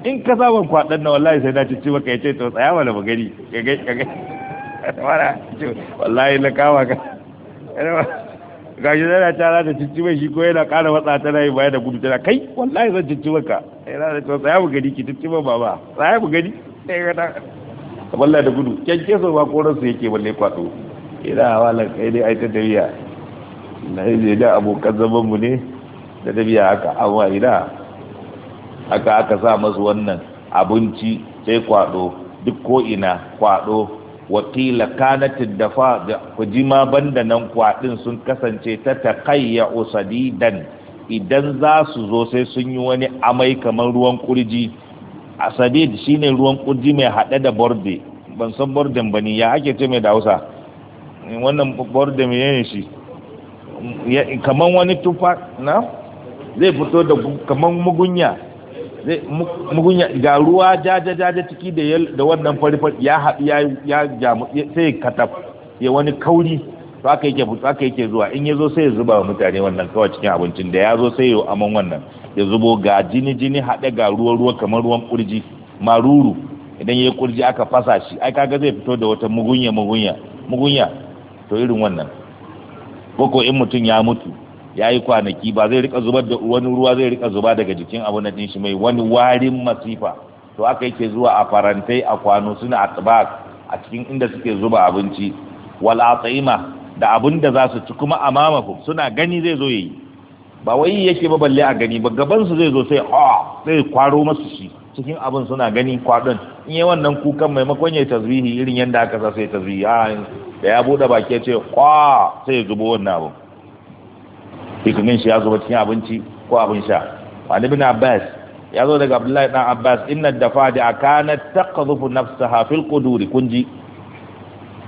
in ka samun kwaɗan nan wallahi sai na cici maka ya ce to tsaya mana ba gani ka gani ka gani wallahi na kama ka ga shi zana ta rana cici mai shi ko yana ƙara matsa ta na yi baya da gudu tana kai wallahi zan cici maka yana da to tsaya mu gani ki cici ma ba tsaya mu gani wallahi da gudu kyankyaso ba koransu yake balle kwaɗo ina hawa kai ne aitar da biya na yi da abokan zamanmu ne da tafiya aka awa ina aka aka sa masu wannan abinci sai kwado duk ko ina kwado wakila kanatin da fa kujima banda nan kwadin sun kasance ta takayya usadidan idan za su zo sai sun yi wani amai kamar ruwan kurji a sadid shine ruwan kurji mai haɗe da borde ban san borden ba ya ake ce mai da hausa wannan borde mai yayin shi kaman wani tufa na zai fito da kaman mugunya mugunya ga ruwa jaja jaja ciki da da wannan fari fari ya haɗu ya ya jamu sai katab ya wani kauri to aka yake aka yake zuwa in ya zo sai ya zuba wa mutane wannan kawai cikin abincin da ya zo sai ya aman wannan ya zubo ga jini jini haɗe ga ruwa ruwa kamar ruwan kurji maruru idan ya kurji aka fasa shi ai kaga zai fito da wata mugunya mugunya mugunya to irin wannan ko in mutum ya mutu ya yi kwanaki ba zai rika zubar da wani ruwa zai rika zuba daga jikin abu na shi mai wani warin masifa to aka yake zuwa a farantai a kwano suna a tabak a cikin inda suke zuba abinci wal atsaima da abun da za su ci kuma a mamaku suna gani zai zo yayi ba wai yake ba balle a gani ba gaban su zai zo sai ha sai kwaro masu shi cikin abin suna gani kwadon in yi wannan kukan maimakon ya tasbihi irin yadda aka sa sai tasbihi a ah, da ya bude baki ce kwa sai ya zubo wannan abin hikimin shi ya zuba cikin abinci ko abin sha wani bin abbas ya zo daga abdullahi dan abbas inna dafa da akana taqdhufu nafsa hafil kuduri kunji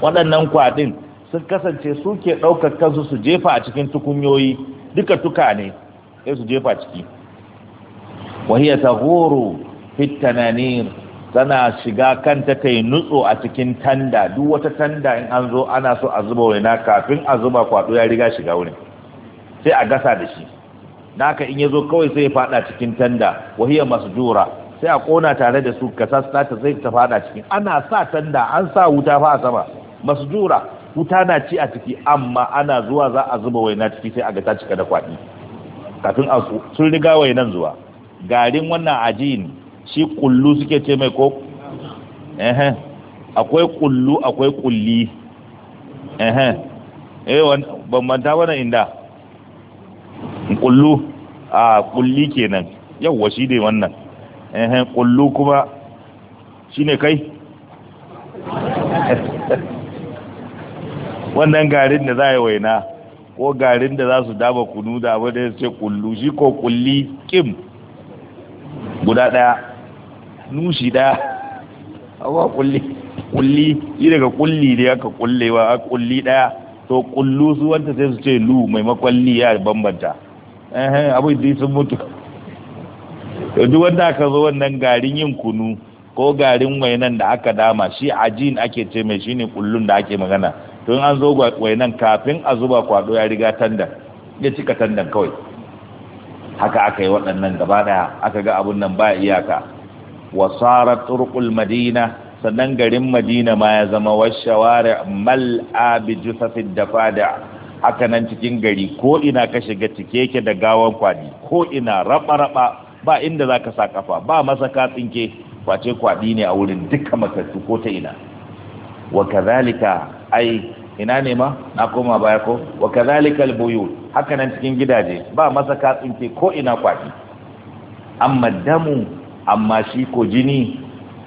waɗannan kwadin sun kasance suke ɗaukar kansu su jefa a cikin tukunyoyi duka tuka ne sai su jefa ciki wahiyata tahuru fitananir tana shiga kanta ta yi nutso a cikin tanda duk wata tanda in an zo ana so a zuba waina kafin a zuba kwado ya riga shiga wurin sai a gasa da shi naka in ya zo kawai sai ya fada cikin tanda wahiyar masjura sai a kona tare da su kasa ta sai ta fada cikin ana sa tanda an sa wuta fa a sama masjura wuta na ci a ciki amma ana zuwa za a zuba na ciki sai a gata cika da kwadi kafin a sun riga wainan zuwa garin wannan ajini shi kullu suke ce mai ko ehe akwai kullu akwai kulli ehe eh bambanta wannan inda kullu a kulli kenan yawwa shi dai wannan ehe kullu kuma shine kai wannan garin da za a yi waina ko garin da za su daba kunu da abu da ya ce kullu shi ko kulli kim guda ɗaya nushi da awa kulli kulli yi daga kulli kullewa a kulli daya to kullu su wanta sai su ce lu maimakon li ya bambanta eh abin sun mutu to duk wanda aka zo wannan garin yin kunu ko garin wainan da aka dama shi ajin ake ce mai shine kullun da ake magana to an zo wainan kafin a zuba kwado ya riga tanda ya cika tandan kawai haka aka yi waɗannan gaba daya aka ga abun nan ba iyaka wa sarat turqul madina sannan garin madina ma ya zama washawari mal'a bi jusafid dafada haka nan cikin gari ko ina ka shiga cike ke da gawan kwadi ko ina raba raba ba inda zaka sa kafa ba masaka tsinke kwace kwadi ne a wurin duka matattu ko ta ina wa kadhalika ai ina ne ma na koma baya ko wa kadhalika albuyut haka nan cikin gidaje ba masaka tsinke ko ina kwadi amma damu amma shi ko jini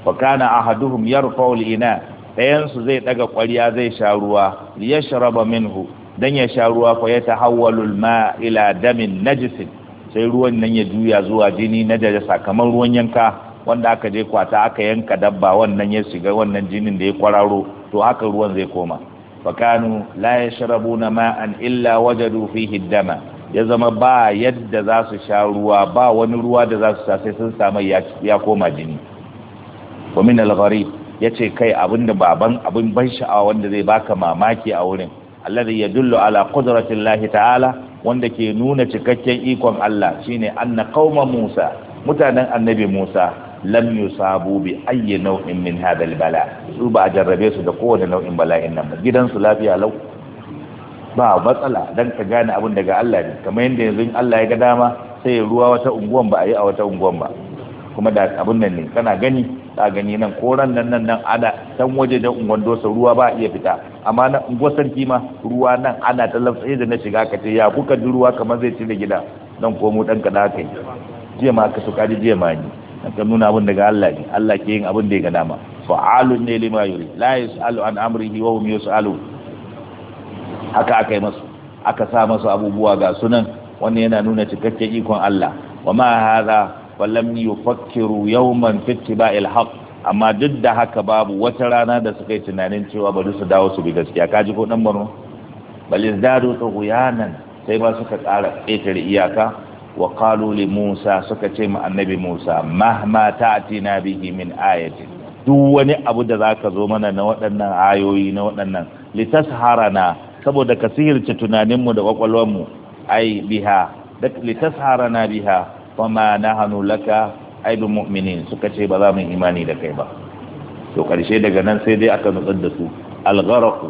fa kana ahaduhum yarfa'u al-ina dayan su zai daga kwarya zai sha ruwa yashraba minhu dan ya sha ruwa fa ya al-ma ila damin najis sai ruwan nan ya juya zuwa jini na najasa kamar ruwan yanka wanda aka je kwata aka yanka dabba wannan ya shiga wannan jinin da ya kwararo to haka ruwan zai koma fa kanu la yashrabuna ma'an illa wajadu fihi dama ya zama ba yadda za su sha ruwa ba wani ruwa da za su sha sai sun samu ya koma jini wa min ya ce kai abinda baban abin ban sha'awa wanda zai baka mamaki a wurin alladhi yadullu ala qudrati llahi ta'ala wanda ke nuna cikakken ikon Allah shine anna qauma Musa mutanen annabi Musa lam yusabu bi ayyi naw'in min hadha su ba jarrabe su da kowane nau'in bala'in nan gidansu lafiya lau ba matsala don ka gane abin daga Allah ne kamar yadda yanzu Allah ya ga dama sai ya ruwa wata unguwan ba a yi a wata unguwan ba kuma da abin nan ne kana gani ta gani nan koran nan nan nan ana dan waje da unguwan dosa ruwa ba iya fita amma na unguwar sarki ma ruwa nan ana talafsa da na shiga ka ce ya kuka ji ruwa kamar zai cire gida dan komo dan ka da kai jiya ma ka suka ji jiya ma ni kan nuna abin daga Allah ne Allah ke yin abin da ya ga dama fa'alun ne lima yuri la yasalu an amrihi wa hum yasalu haka aka yi masu aka sa masu abubuwa ga sunan wani yana nuna cikakken ikon Allah wa ma hadha wallam yufakkiru yawman fi ittiba'il haqq amma duk da haka babu wata rana da suka yi tunanin cewa bari su dawo su bi gaskiya kaji ko dan Borno bal izdadu tughyanan sai ba suka kara ƙetare iyaka wa qalu li Musa suka ce ma annabi Musa mahma ta'tina bihi min ayatin duk wani abu da zaka zo mana na waɗannan ayoyi na waɗannan litasharana saboda ka sihirce tunaninmu da kwakwalwarmu ai biha da litashara na biha wa ma nahanu laka ai bi mu'minin suka ce ba za mu imani da kai ba to karshe daga nan sai dai aka nutsar da su al-gharq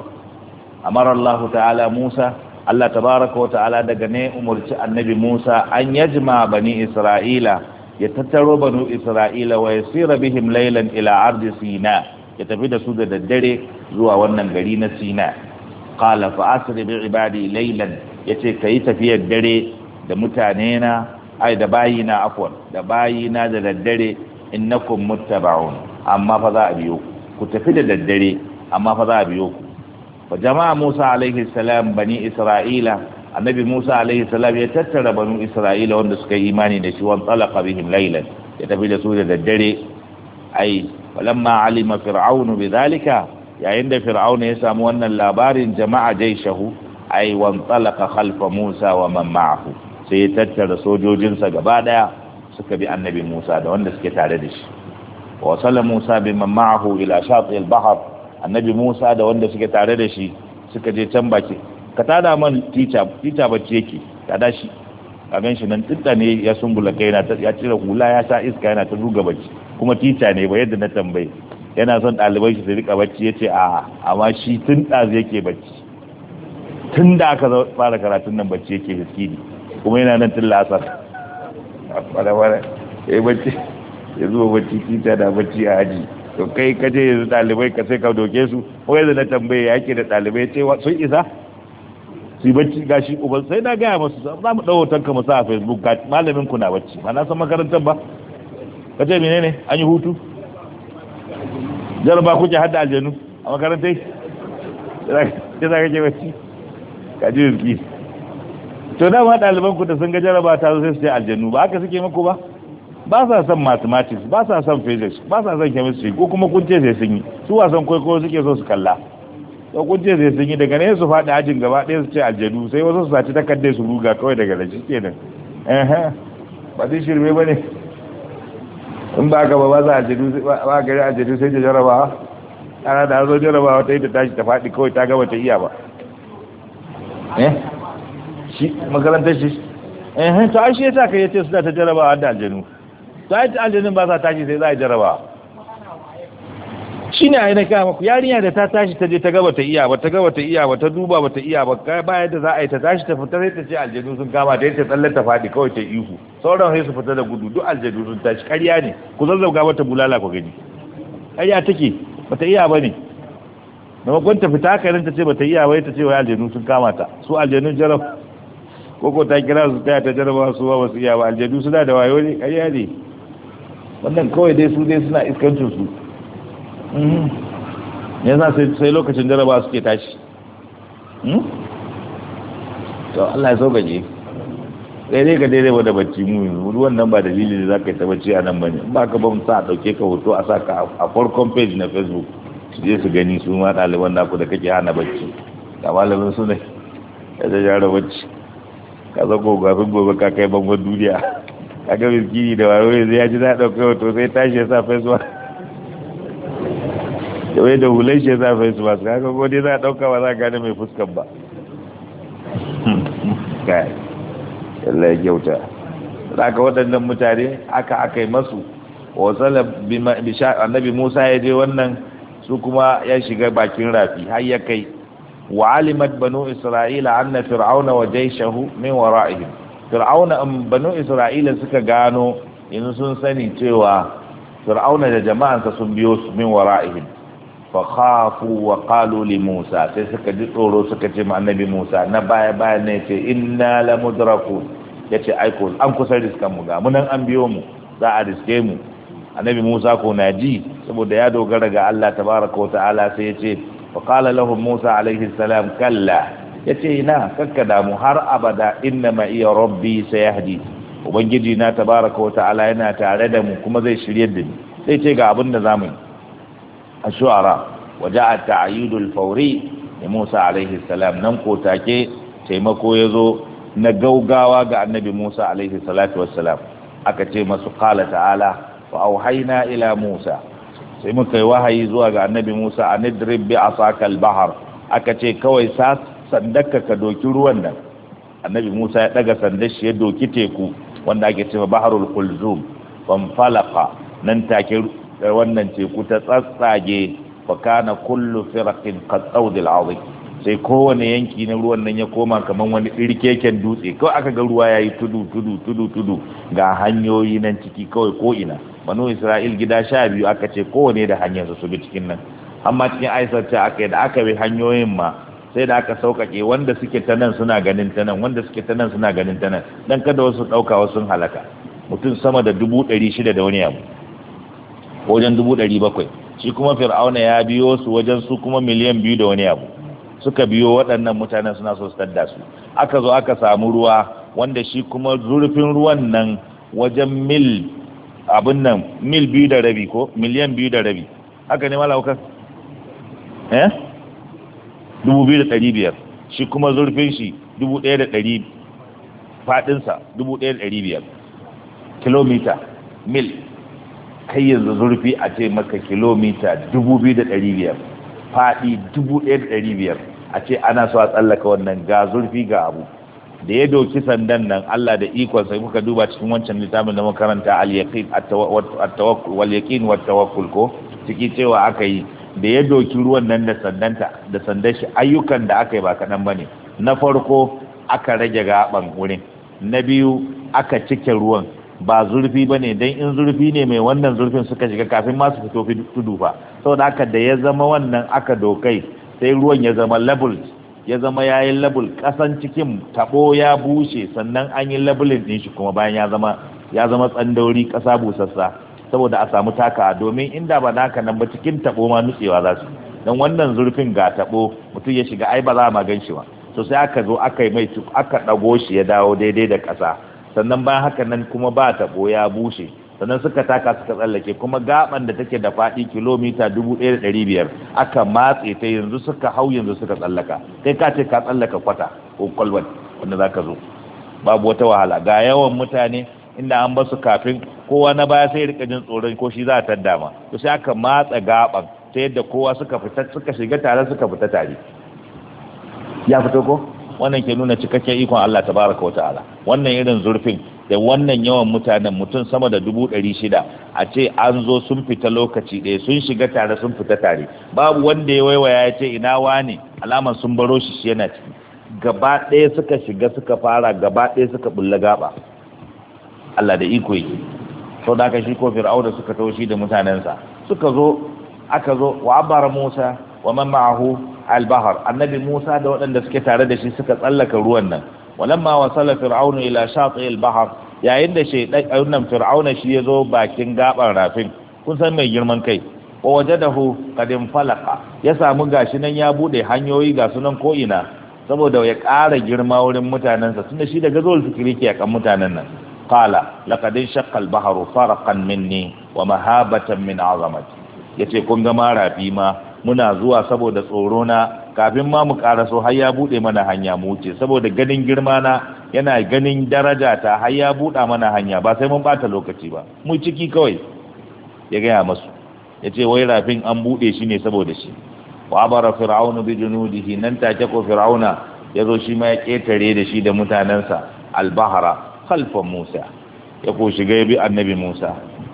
amara Allah ta'ala Musa Allah tabaraka wa ta'ala daga ne umurci annabi Musa an yajma bani Isra'ila ya tattaro bani Isra'ila wa yasira bihim laylan ila ardi Sina ya tafi da su da daddare zuwa wannan gari na Sina qala fa asri bi ibadi laylan yace kai tafiyar dare da mutane na ai da bayina afwan da bayina da daddare innakum muttaba'un amma fa za a biyo ku ku tafi da daddare amma fa za a biyo ku fa jama'a Musa alaihi salam bani Isra'ila annabi Musa alaihi salam ya tattara bani Isra'ila wanda suka yi imani da shi wan talaqa bihim laylan ya tafi da su da daddare ai falamma alima fir'aunu bidhalika yayin da fir'auna ya samu wannan labarin jama'a jaishahu ai wan talaka khalfa musa wa man ma'ahu sai ya tattara sojojinsa gaba daya suka bi annabi musa da wanda suke tare da shi wa sala musa bi man ma'ahu ila shati al-bahr annabi musa da wanda suke tare da shi suka je can baki ka tada man tita tita bacci yake ka shi a gan nan titta ne ya sumbula kai ya cire hula ya sa iska yana ta zuga bacci kuma tita ne ba yadda na tambaye yana son ɗaliban shi su rika bacci ya ce a amma shi tun ɗazu yake bacci tun da aka fara karatun nan bacci yake hiskidi kuma yana nan tun lasar a fara ya yi bacci ya zuwa bacci tita da bacci a aji to kai ka je yanzu ɗalibai ka sai ka doke su ko yanzu na tambaye ya ke da ɗalibai ce sun isa su yi bacci ga shi uban sai na gaya masu za mu ɗau hoton ka mu sa a facebook malamin ku na bacci ma na san makarantar ba ka ce menene an yi hutu jaraba kuke hada aljanu a makarantai ya za ka ke bacci ka ji to to dama ɗaliban ku da sun ga jaraba ta zo sai su ce aljanu ba aka suke muku ba ba sa son mathematics ba sa son physics ba sa son chemistry ko kuma kun ce sai sun yi su wasan kwaikwayo suke so su kalla to kun ce sai sun yi daga ne su faɗi ajin gaba ɗaya su ce aljanu sai wasu su saci takardar su ruga kawai daga rashi kenan ba zai shirme ba ne in ba ka ba ba za a gari a jirgin sai ta jarabawa ana da zo jarabawa ta yi ta tashi ta faɗi kawai ta gaba ta iya ba eh shi makarantar shi eh ta ashe ta kai yace su da ta a da aljanu ta yi aljanun ba za a tashi sai za a jaraba. shine ai na gaya ku yarinya da ta tashi ta je ta gaba ta iya ba ta gaba ta iya ba ta duba ba ta iya ba kai ba yadda za a yi ta tashi ta fita sai ta ce aljadu sun kama ta yace tsallar ta fadi kawai ta ihu sauran sai su fita da gudu duk aljadu sun tashi karya ne ku zazzauga ta bulala ku gani ƙarya take bata iya ba ne maimakon ta fita haka ta ce bata iya ba ta ce wai aljanu sun kama ta su aljadu jarab koko ta kira su taya ta jarabawa su ba su iya ba aljanu suna da wayo ne karya ne wannan kawai dai su dai suna iskantar su yanzu sai lokacin jaraba suke tashi hmm? to Allah ya sauƙaƙe daidai ka daidai wadda bacci mu yanzu wannan ba dalili da za ka yi ta bacci a nan bane ba ka ba sa a ɗauke ka hoto a sa ka a farkon page na facebook su je su gani su ma ɗaliban naku da kake hana bacci da malamin su ne ya ta jara bacci ka zago gafin gobe ka kai bangon duniya ka ga miskini da wayo zai ya ji za a ɗauke hoto sai tashi ya sa facebook wai da hulai shi za fa yi su masu kaga ko dai za a ɗauka ba za a gane mai fuskan ba kai kyauta. Za ka waɗannan mutane aka aka yi masu wasala annabi Musa ya je wannan su kuma ya shiga bakin rafi har ya kai wa alimat banu isra'ila anna fir'auna wa jayshahu min wara'ihim fir'auna am um, banu isra'ila suka gano in sun sani cewa fir'auna da jama'ansa sun biyo su min wara'ihim fa khafu wa qalu li Musa sai suka ji tsoro suka ce ma annabi Musa na baya baya ne ce inna la mudrakun yace ai ko an kusa riskan mu ga munan an biyo mu za a riske mu annabi Musa ko na ji saboda ya dogara ga Allah tabaraka wa ta'ala sai yace fa qala lahum Musa alaihi salam kalla yace ina kakka da mu har abada inna ma iya rabbi sayahdi ubangiji na tabaraka wa ta'ala yana tare da mu kuma zai shiryar da ni sai ce ga abin da zamu yi ashu'ara wa ja'a ta'ayyud al-fawri li Musa alayhi nan ko take taimako yazo na gaugawa ga Annabi Musa alayhi salatu wassalam aka ce masu kala ta'ala wa auhayna ila Musa sai muka yi wahayi zuwa ga Annabi Musa an idrib bi asaka al aka ce kawai sa sandaka ka doki ruwan nan Annabi Musa ya daga sanda shi ya doki teku wanda ake ce cewa baharul kulzum fanfalaqa nan take Eh, wannan teku ta tsatsage fa kana kullu firqin qad al azim sai kowane yanki na ruwan nan ya koma kamar wani irkeken dutse ko aka ga ruwa yayi tudu tudu tudu tudu ga hanyoyi nan ciki kawai ko ina banu isra'il gida sha biyu aka ce kowane da hanyar su bi cikin nan amma cikin aisar ta aka yi da aka bi hanyoyin ma sai da aka sauƙaƙe wanda suke ta nan suna ganin ta nan wanda suke ta nan suna ganin ta nan dan kada wasu ɗauka wasu halaka mutum sama da dubu ɗari shida da wani abu wajen dubu ɗari bakwai shi kuma fir'auna ya biyo su wajen su kuma miliyan biyu da wani abu suka biyo waɗannan mutanen suna so su tadda su aka zo aka samu ruwa wanda shi kuma zurfin ruwan nan wajen mil abin nan mil biyu da rabi ko miliyan biyu da rabi haka ne malaukan eh dubu biyu da ɗari biyar shi kuma zurfin shi dubu ɗaya da ɗari faɗinsa dubu ɗaya da ɗari biyar kilomita mil kai yanzu zurfi a ce maka kilomita 2,500 faɗi 1,500 a ce ana so a tsallaka wannan ga zurfi ga abu da ya doki sandan nan Allah da ikon sai muka duba cikin wancan littafin da makaranta al-yaqin at-tawakkul wal yaqin wat tawakkul ko ciki cewa aka yi da ya doki ruwan nan da sandanta da sandan shi ayyukan da aka yi ba kadan bane na farko aka rage gaban wurin na biyu aka cike ruwan ba zurfi ba ne don in zurfi ne mai wannan zurfin suka shiga kafin masu fito tudu ba saboda haka da ya zama wannan aka dokai sai ruwan ya zama labul ya zama ya yi labul kasan cikin tabo ya bushe sannan an yi labulin din shi kuma bayan ya zama ya zama tsandauri kasa busassa saboda a samu taka domin inda ba naka nan ba cikin tabo ma nutsewa za su don wannan zurfin ga tabo mutum ya shiga ai ba za a gan shi ba sosai sai aka zo aka yi mai aka ɗago shi ya dawo daidai da ƙasa. sannan bayan haka nan kuma ba ta ya bushe sannan suka taka suka tsallake kuma gaban da take da faɗi kilomita 1500 aka matse ta yanzu suka hau yanzu suka tsallaka kai ka ce ka tsallaka kwata ko kwalwat wanda za ka zo babu wata wahala ga yawan mutane inda an basu kafin kowa na baya sai rika jin tsoron ko shi za ta dama to sai aka matsa gaban ta yadda kowa suka fita suka shiga tare suka fita tare ya fito ko wannan ke nuna cikakken ikon Allah tabaraka wata'ala wannan irin zurfin da wannan yawan mutanen mutum sama da dubu ɗari shida a ce an zo sun fita lokaci ɗaya sun shiga tare sun fita tare babu wanda ya waiwaya ya ce ina wane alamar sun baro shi shi yana ciki gaba ɗaya suka shiga suka fara gaba ɗaya suka bulla gaba Allah da iko yake sau da aka shi ko fir'auna suka taushi da mutanensa suka zo aka zo wa abara musa wa man ma'ahu al-bahr annabi Musa da waɗanda suke tare da shi suka tsallaka ruwan nan walamma wasala fir'aunu ila shati al-bahr yayin da shaydan wannan fir'auna shi yazo bakin gaban rafin kun san mai girman kai wa wajadahu qad infalaqa ya samu gashi nan ya bude hanyoyi ga sunan ko ina saboda ya ƙara girma wurin mutanensa tunda shi daga zuwa fikiri ke kan mutanen nan qala laqad shaqqa al-bahru farqan minni wa mahabatan min azamati yace kun ga marafi ma muna zuwa saboda tsoro na kafin ma mu karaso har ya bude mana hanya mu wuce saboda ganin girma na yana ganin daraja ta har ya buɗa mana hanya ba sai mun bata lokaci ba mu ciki kawai ya gaya masu ya ce wai rafin an buɗe shi ne saboda shi wa abara fir'aunu bi junudihi nan take ko fir'auna ya zo shi ma ya ketare da shi da mutanansa al bahra khalfa musa ya ko shiga bi annabi musa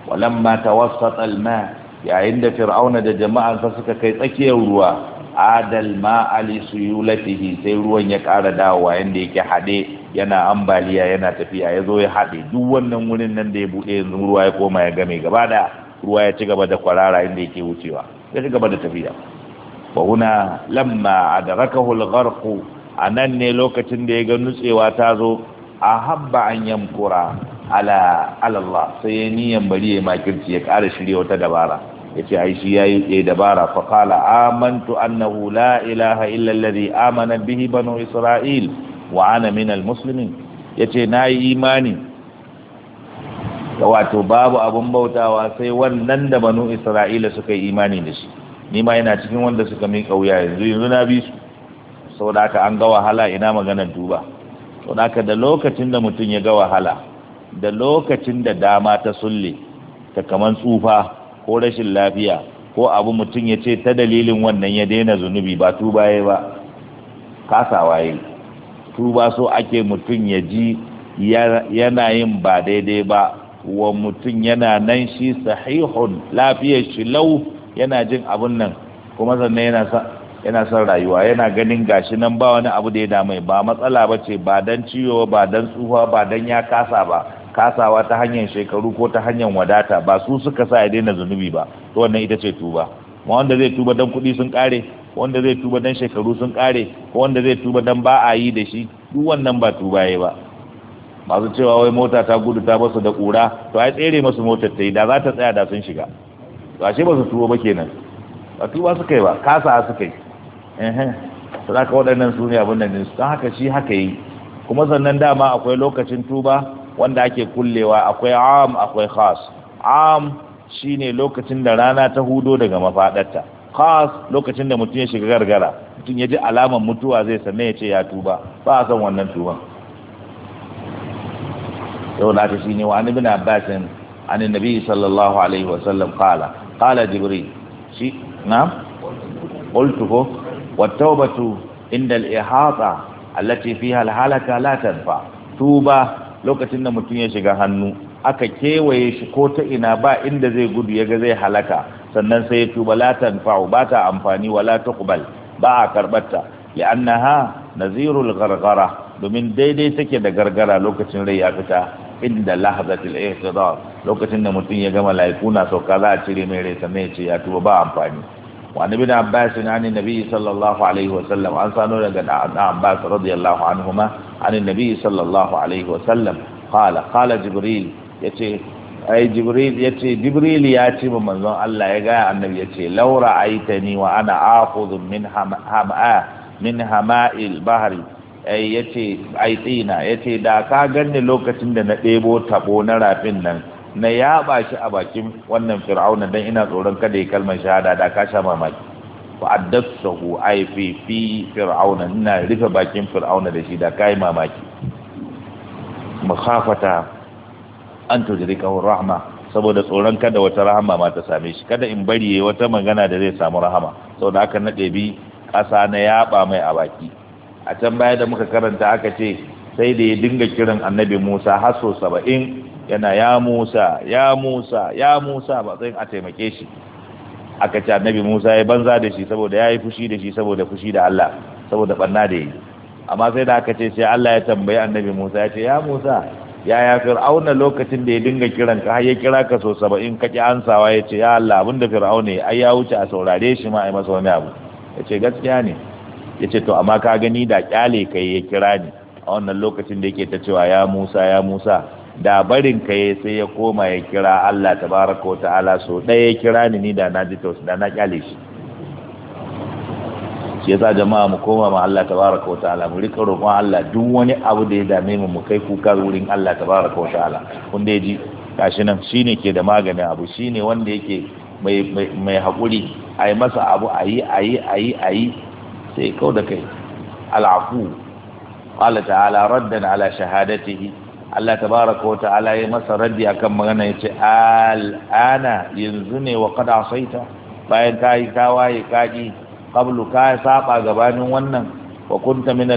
walamma tawassata al-ma' yayin da fir'auna da jama'ansa suka kai tsakiyar ruwa adal ma ali suyulatihi sai ruwan ya ƙara dawowa yanda yake haɗe yana ambaliya yana tafiya ya zo ya haɗe duk wannan wurin nan da ya buɗe yanzu ruwa ya koma ya game gaba da ruwa ya ci gaba da kwarara inda yake wucewa ya ci gaba da tafiya wa huna lamma adrakahu ku a anan ne lokacin da ya ga nutsewa ta zo ahabba an yamkura ala alallah sai ya niyan bari ya makirci ya ƙara shirya wata dabara ya ce ai shi ya yi dabara fa qala amantu annahu la ilaha illa alladhi amana bihi banu isra'il wa ana min almuslimin yace nayi imani wato babu abun bautawa sai wannan da banu isra'ila suka yi imani da shi ni ma yana cikin wanda suka min kauya yanzu yanzu na bi su saboda haka an ga wahala ina maganar duba saboda haka da lokacin da mutum ya ga wahala da lokacin da dama ta sulle ta kaman tsufa ko rashin lafiya ko abu mutum ya ce ta dalilin wannan ya daina zunubi ba tuba ya ba kasawa ya tuba so ake mutum ya ji yana yin ba daidai ba wa mutum yana nan shi sahihun lafiyar shi lau yana jin abun nan kuma sannan yana yana son rayuwa yana ganin gashi nan ba wani abu da ya damai ba matsala ba ce ba don ciwo ba don tsufa ba don ya kasa ba kasawa ta hanyar shekaru ko ta hanyar wadata ba su suka sa ya daina zunubi ba to wannan ita ce tuba ma wanda zai tuba dan kuɗi sun ƙare wanda zai tuba dan shekaru sun ƙare ko wanda zai tuba dan ba a yi da shi duk wannan ba tuba ya ba masu cewa wai mota ta gudu ta basu da ƙura to ai tsere masu motar ta yi da za ta tsaya da sun shiga to ashe ba su tuba ba kenan ba tuba suka yi ba kasa suka yi to haka waɗannan su ne abin nan don haka shi haka yi kuma sannan dama akwai lokacin tuba wanda ake kullewa akwai am akwai khas am shine lokacin da rana ta hudo daga mafadarta khas lokacin da mutum ya shiga gargara mutum ya ji alaman mutuwa zai sanne ya ce ya tuba ba a san wannan tuban yau na ta ne wa annabi na abbasin an annabi sallallahu alaihi wa sallam qala qala jibril shi na qultu ko wat tawbatu inda al ihata allati fiha al halaka la tanfa tuba lokacin da mutum ya shiga hannu aka kewaye shi ko ta ina ba inda zai gudu ya ga zai halaka sannan sai ya tuba la tanfa'u ba ta amfani wala tuqbal ba a karbarta ha nazirul gargara domin daidai take da gargara lokacin rai ya fita inda lahzatil ihtidar lokacin da mutum ya gama laifuna sauka za a cire mai rai sannan ya ce ya tuba ba amfani wa annabi da abbas na ne nabi sallallahu alaihi wa sallam an sano daga da abbas radiyallahu anhuma an sallallahu alaihi wa sallam qala jibril yace ai jibril yace jibril ya ce ma manzon Allah ya gaya annabi yace laura aitani wa ana akhudhu min hama ah, min hama'il bahri ai yace da ka ganni lokacin da na debo taɓo na rafin nan na yaba shi a bakin wannan fir'auna dan ina tsoron kada ya kalmar shahada da ka sha mamaki fa addasuhu ay fi fi fir'auna ina rufe bakin fir'auna da shi da kai mamaki mukhafata an tujrikahu rahma saboda tsoron kada wata rahama ma ta same shi kada in bari wata magana da zai samu rahama saboda aka na bi ƙasa na yaba mai a baki a can baya da muka karanta aka ce sai da ya dinga kiran annabi Musa har so saba'in yana ya Musa ya Musa ya Musa ba zai a taimake shi aka ce annabi Musa ya banza da shi saboda ya yi fushi da shi saboda fushi da Allah saboda banna da yi amma sai da aka ce sai Allah ya tambayi annabi Musa ya ce ya Musa ya ya fir'auna lokacin da ya dinga kiran ka har ya kira ka so saba'in ka ki ansawa ya ce ya Allah abinda fir'auna ai ya wuce a saurare shi ma ai masa wani abu ya ce gaskiya ne ya ce to amma ka gani da kyale kai ya kira ni a wannan lokacin da yake ta cewa ya Musa ya Musa da barin ka yayi sai ya koma ya kira Allah tabaraka wa ta'ala so ɗaya ya kira ni ni da na ji tausi da na kyale shi shi yasa jama'a mu koma ma Allah tabaraka wa ta'ala mu rika roƙon Allah duk wani abu da ya dame mu mu kai kuka wurin Allah tabaraka wa ta'ala kun da ji gashi nan shine ke da maganin abu shine wanda yake mai mai hakuri a yi masa abu a yi a yi a yi a yi sai kau da kai al'afu qala ta'ala raddan ala shahadatihi Allah tabaraka wa ta'ala ya masa raddi akan magana yace al'ana yanzu ne wa qad asaita bayan ta yi ka kaji qablu ka saba gabanin wannan wa kunta min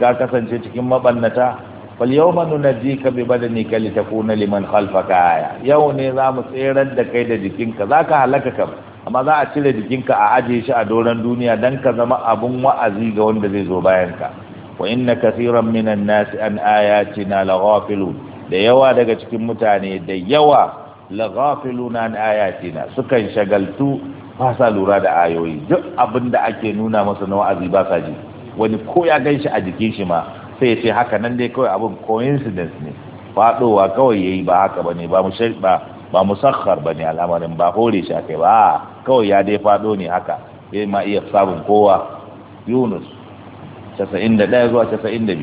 ka kasance cikin mabannata fal yawma nunajjika bi badanika litakuna liman khalfaka aya yau ne za mu tserar da kai da jikinka zaka halaka kam amma za a cire jikinka a ajiye shi a doron duniya dan ka zama abun wa'azi ga wanda zai zo bayan ka wa inna kathiran minan nasi an ayatina laghafilun da yawa daga cikin mutane da yawa laghafiluna an ayatina sukan shagaltu ba sa lura da ayoyi duk abin da ake nuna masa na wa'azi ba sa ji wani ko ya gan a jikin shi ma sai ya ce haka nan dai kawai abin coincidence ne faɗowa kawai yayi ba haka bane ba mu ba ba musakhar bane al'amarin ba hore shi akai ba kawai ya dai faɗo ne haka sai ma iya sabon kowa Yunus 91 zuwa 92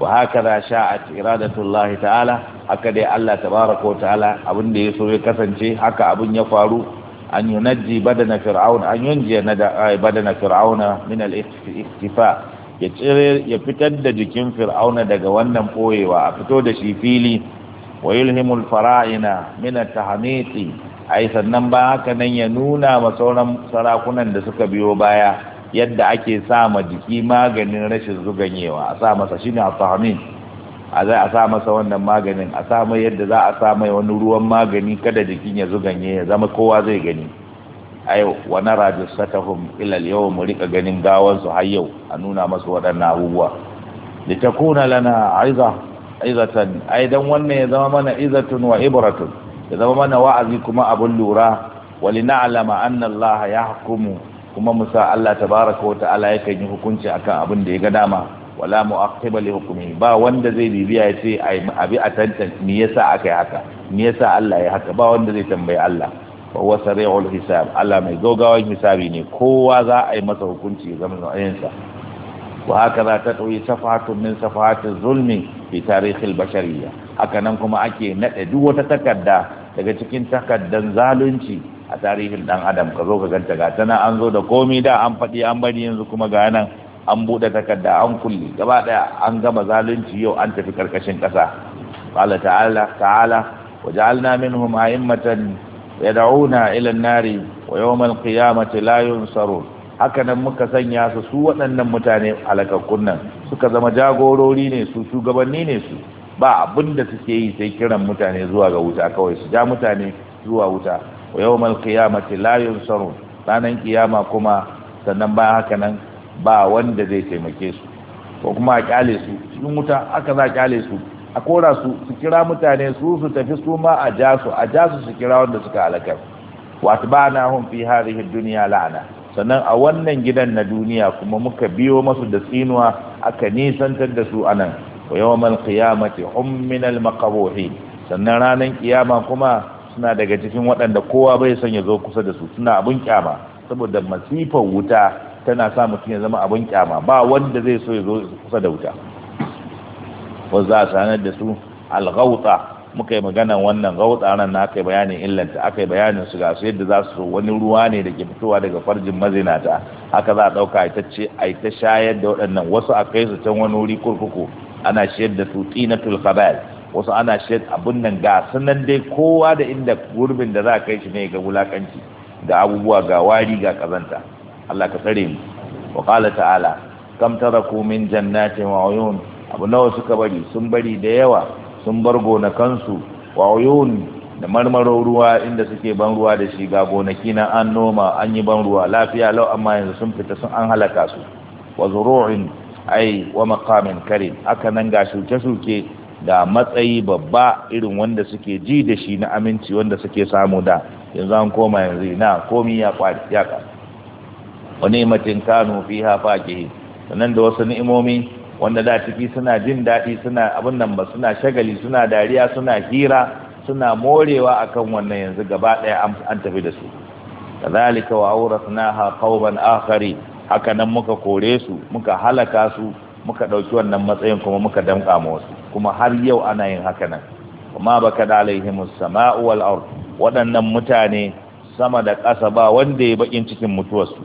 wa sha a iradatullahi ta'ala haka dai Allah tabaraka wa ta'ala abin da so ya kasance haka abin ya faru an yunajji badana fir'auna an badana fir'auna min al ya cire ya fitar da jikin fir'auna daga wannan boyewa a fito da shi fili wa yulhimul fara'ina min at-tahmiti ai sannan ba haka nan ya nuna ma sauran sarakunan da suka biyo baya yadda ake sa ma jiki maganin rashin zuganyewa a sa masa shi ne a a zai a sa masa wannan maganin a sa mai yadda za a sa mai wani ruwan magani kada jikin ya zuganye ya zama kowa zai gani ai wa nara jasatahum ila al mu rika ganin gawansu har yau a nuna masu waɗannan abubuwa kuna lana aiza aizatan ai dan wannan ya zama mana izatun wa ibratun ya zama mana wa'azi kuma abun lura wa lina'lama anna Allah yahkumu kuma musa Allah tabaraka wa ta'ala yakan yi hukunci akan abin da ya ga dama wala mu'aqqiba li hukmi ba wanda zai bibiya ya ce ai abi a tantan me yasa aka yi haka me yasa Allah ya haka ba wanda zai tambayi Allah wa huwa sari'ul hisab Allah mai gaugawan hisabi ne kowa za a yi masa hukunci a matsayinsa wa haka za ta tauyi safahatun min safahatin zulmi fi tarihil bashariyya haka nan kuma ake nade duk wata takarda daga cikin takardan zalunci a tarihin dan adam ka zo ka ganta ga tana an zo da komi da an faɗi an bari yanzu kuma ga nan an buɗe takarda an kulle gaba ɗaya an gama zalunci yau an tafi karkashin ƙasa qala ta'ala ta'ala ja'alna minhum a'immatan yad'una ila an-nari wa yawm al-qiyamati la yunsarun haka nan muka sanya su su waɗannan mutane alakakkun nan suka zama jagorori ne su shugabanni ne su ba abinda suke yi sai kiran mutane zuwa ga wuta kawai su ja mutane zuwa wuta wa yawmal qiyamati la yunsarun ranan kiyama kuma sannan ba haka nan ba wanda zai taimake su ko kuma a kyale su cikin wuta aka za kyale su a kora su su kira mutane su su tafi su ma a ja su a ja su su kira wanda suka halakar ba na hum fi harihin duniya la'ana sannan a wannan gidan na duniya kuma muka biyo masu da tsinuwa aka nisantar da su anan wa yawmal qiyamati hum min al maqbuhin sannan ranan kiyama kuma suna daga cikin waɗanda kowa bai son ya zo kusa da su suna abin kyama saboda masifar wuta tana sa mutum ya zama abin kyama ba wanda zai so ya zo kusa da wuta wasu za a sanar da su alghauta muka yi magana wannan gautsa nan na aka bayanin illanta aka yi bayanin su ga su yadda za su wani ruwa ne da ke fitowa daga farjin mazinata haka za a ɗauka a ce a ta shayar da waɗannan wasu a kai su can wani wuri kurkuku ana shayar da su tinatul khabal wasu ana shi abin nan ga sunan dai kowa da inda gurbin da za kai shi ne ga wulakanci ga abubuwa ga wari ga kazanta Allah ka tsare mu wa qala ta'ala kam taraku min jannatin wa uyun abu nawa suka bari sun bari da yawa sun bar gonakansu wa uyun da marmaro ruwa inda suke ban ruwa da shi ga gonaki na an noma an yi ban ruwa lafiya lau amma yanzu sun fita sun an halaka su wa zuru'in ai wa maqamin karim aka nan ga shuke-shuke da matsayi babba irin wanda suke ji da shi na aminci wanda suke samu da yanzu an koma yanzu ina komi ya kwari ya ka wani matin kanu fi hafa ke sannan da wasu ni'imomi wanda da ciki suna jin daɗi suna abin nan ba suna shagali suna dariya suna hira suna morewa akan wannan yanzu gaba ɗaya an tafi da su kazalika wa awrasnaha qauman akhari haka nan muka kore su muka halaka su muka ɗauki wannan matsayin kuma muka damƙa wasu kuma har yau ana yin haka nan kuma baka da alaihi sama'u wal ard waɗannan mutane sama da ƙasa ba wanda ya bakin cikin mutuwarsu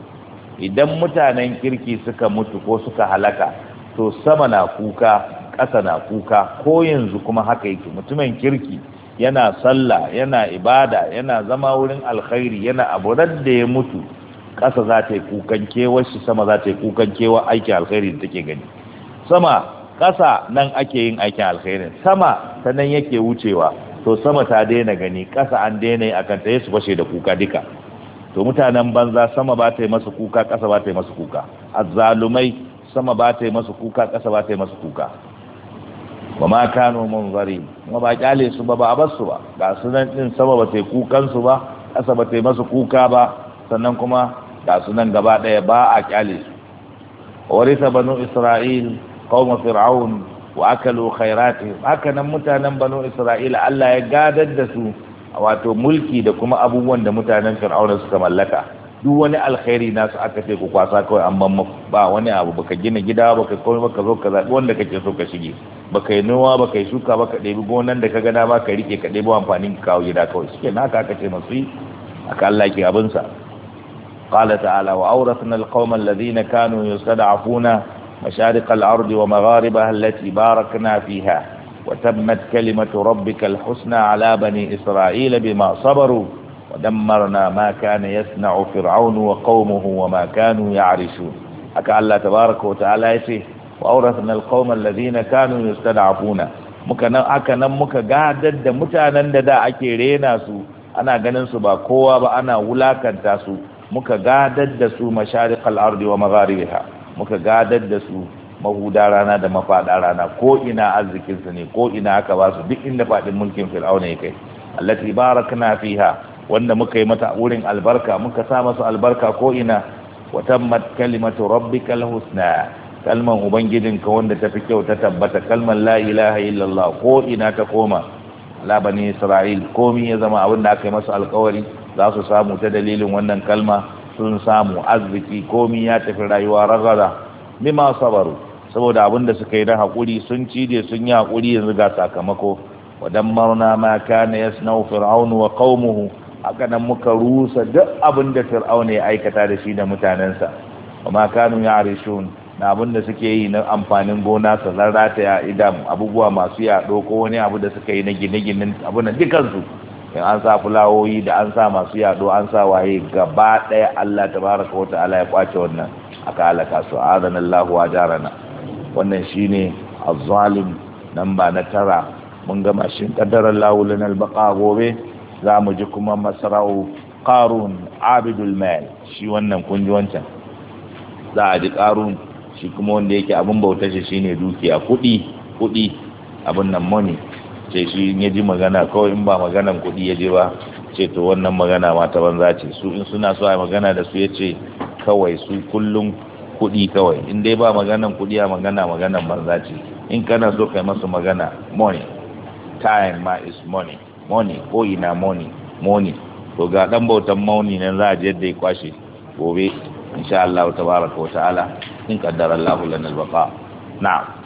idan mutanen kirki suka mutu ko suka halaka to sama na kuka ƙasa na kuka ko yanzu kuma haka yake mutumin kirki yana sallah yana ibada yana zama wurin alkhairi yana abu da ya mutu ƙasa za ta yi kukan kewar shi sama za ta yi kukan kewar aiki alkhairi da take gani sama ƙasa nan ake yin aikin alkhairin sama ta nan yake wucewa to sama ta daina gani ƙasa an daina akan ta su fashe da kuka duka to mutanen banza sama ba ta yi masu kuka ƙasa ba ta yi masu kuka azzalumai sama ba ta yi masu kuka ƙasa ba ta yi masu kuka ba ma kano zari kuma ba kyale su ba ba a basu ba ga nan din sama ba ta yi kukan su ba ƙasa ba ta yi masu kuka ba sannan kuma ga nan gaba ɗaya ba a kyale su warisa banu isra'il qaum fir'aun wa akalu khairatihim haka mutanen banu isra'ila Allah ya gadar da su wato mulki da kuma abubuwan da mutanen fir'auna suka mallaka duk wani alkhairi nasu aka ce kwasa kawai an ban ba wani abu baka gina gida baka komai baka zo ka zaɓi wanda kake so ka shige baka yi noma baka yi shuka baka ɗebi gonan da ka gana ba ka rike ka ɗebi amfanin ka kawo gida kawai shike na haka aka ce masu yi aka Allah ke abinsa qala ta'ala wa awrathna alqawma alladhina kanu yastad'afuna مشارق الأرض ومغاربها التي باركنا فيها وتمت كلمة ربك الحسنى على بني إسرائيل بما صبروا ودمرنا ما كان يصنع فرعون وقومه وما كانوا يعرشون أكا الله تبارك وتعالى يسيه وأورثنا القوم الذين كانوا يستضعفون muka nan aka nan muka gadar da mutanen da da ake rena su ana ganin su ba kowa ba ana wulakanta su muka gadar da su ardi wa magharibiha muka gadar da su mahuda rana da mafaɗa rana ko ina arzikinsu ne ko ina aka ba su duk inda faɗin mulkin fir'auna ya kai allati barakna fiha wanda muka yi mata wurin albarka muka sa masu albarka ko ina wa tammat kalimatu husna kalman ubangijinka wanda ta fi kyau ta tabbata kalman la ilaha illallah ko ina ta koma la bani isra'il komi ya zama abin da aka yi masa alkawari za su samu ta dalilin wannan kalma sun samu arziki komi ya tafi rayuwa ragara mima sabaru saboda abin da suka yi na hakuri sun cide sun yi hakuri yanzu ga sakamako wadan marna ma kana yasnau fir'aun wa qaumuhu aka nan muka rusa duk abin da fir'aun ya aikata da shi da mutanensa wa ma kanu ya'rishun na abin da suke yi na amfanin gona su rarrata ya idan abubuwa masu yaɗo ko wani abu da suka yi na gine-ginen abu na dukansu in an sa fulawoyi da an sa masu yado an sa waye gaba ɗaya Allah tabaraka wata'ala ya kwace wannan aka halaka su adana wa jarana wannan shine azzalim nan ba na tara mun ga mashin qaddarar lawulin albaqa gobe za mu ji kuma masra'u qarun abidul mal shi wannan kun ji wancan za a ji qarun shi kuma wanda yake abin bautar shi shine dukiya kuɗi kuɗi abin nan money ce shi ya ji magana kawai in ba maganan kuɗi ya je ba ce to wannan magana ma ta banza ce su in suna so a magana da su ya ce kawai su kullum kuɗi kawai in dai ba maganan kuɗi a magana maganan banza ce in kana so kai masu magana money time ma is money money ko ina money money to ga dan bautan mauni nan za a je da ya kwashe gobe insha Allah tabaraka wa ta'ala in qaddara Allah lana al-baqa na'am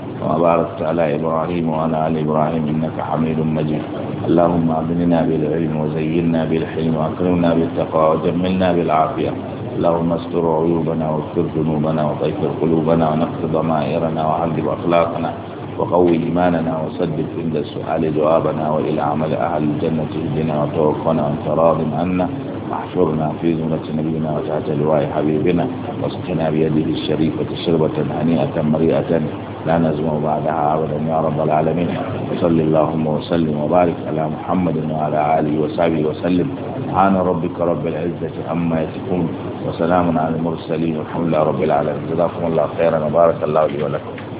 وباركت على إبراهيم وعلى آل إبراهيم إنك حميد مجيد اللهم أبننا بالعلم وزينا بالحلم وأكرمنا بالتقوى وجملنا بالعافية اللهم استر عيوبنا واستر ذنوبنا وطهر قلوبنا ونقض ضمائرنا وعذب أخلاقنا وقوي إيماننا وسدد عند السؤال جوابنا وإلى عمل أهل الجنة اهدنا وتوفنا أنت راض عنا واحشرنا في زمرة نبينا وتحت لواء حبيبنا واسقنا بيده الشريفة شربة هنيئة مريئة لا نزم بعدها أبدا يا رب العالمين وصل اللهم وسلم وبارك على محمد وعلى آله وصحبه وسلم سبحان ربك رب العزة عما يصفون وسلام على المرسلين والحمد لله رب العالمين جزاكم الله خيرا وبارك الله لي ولكم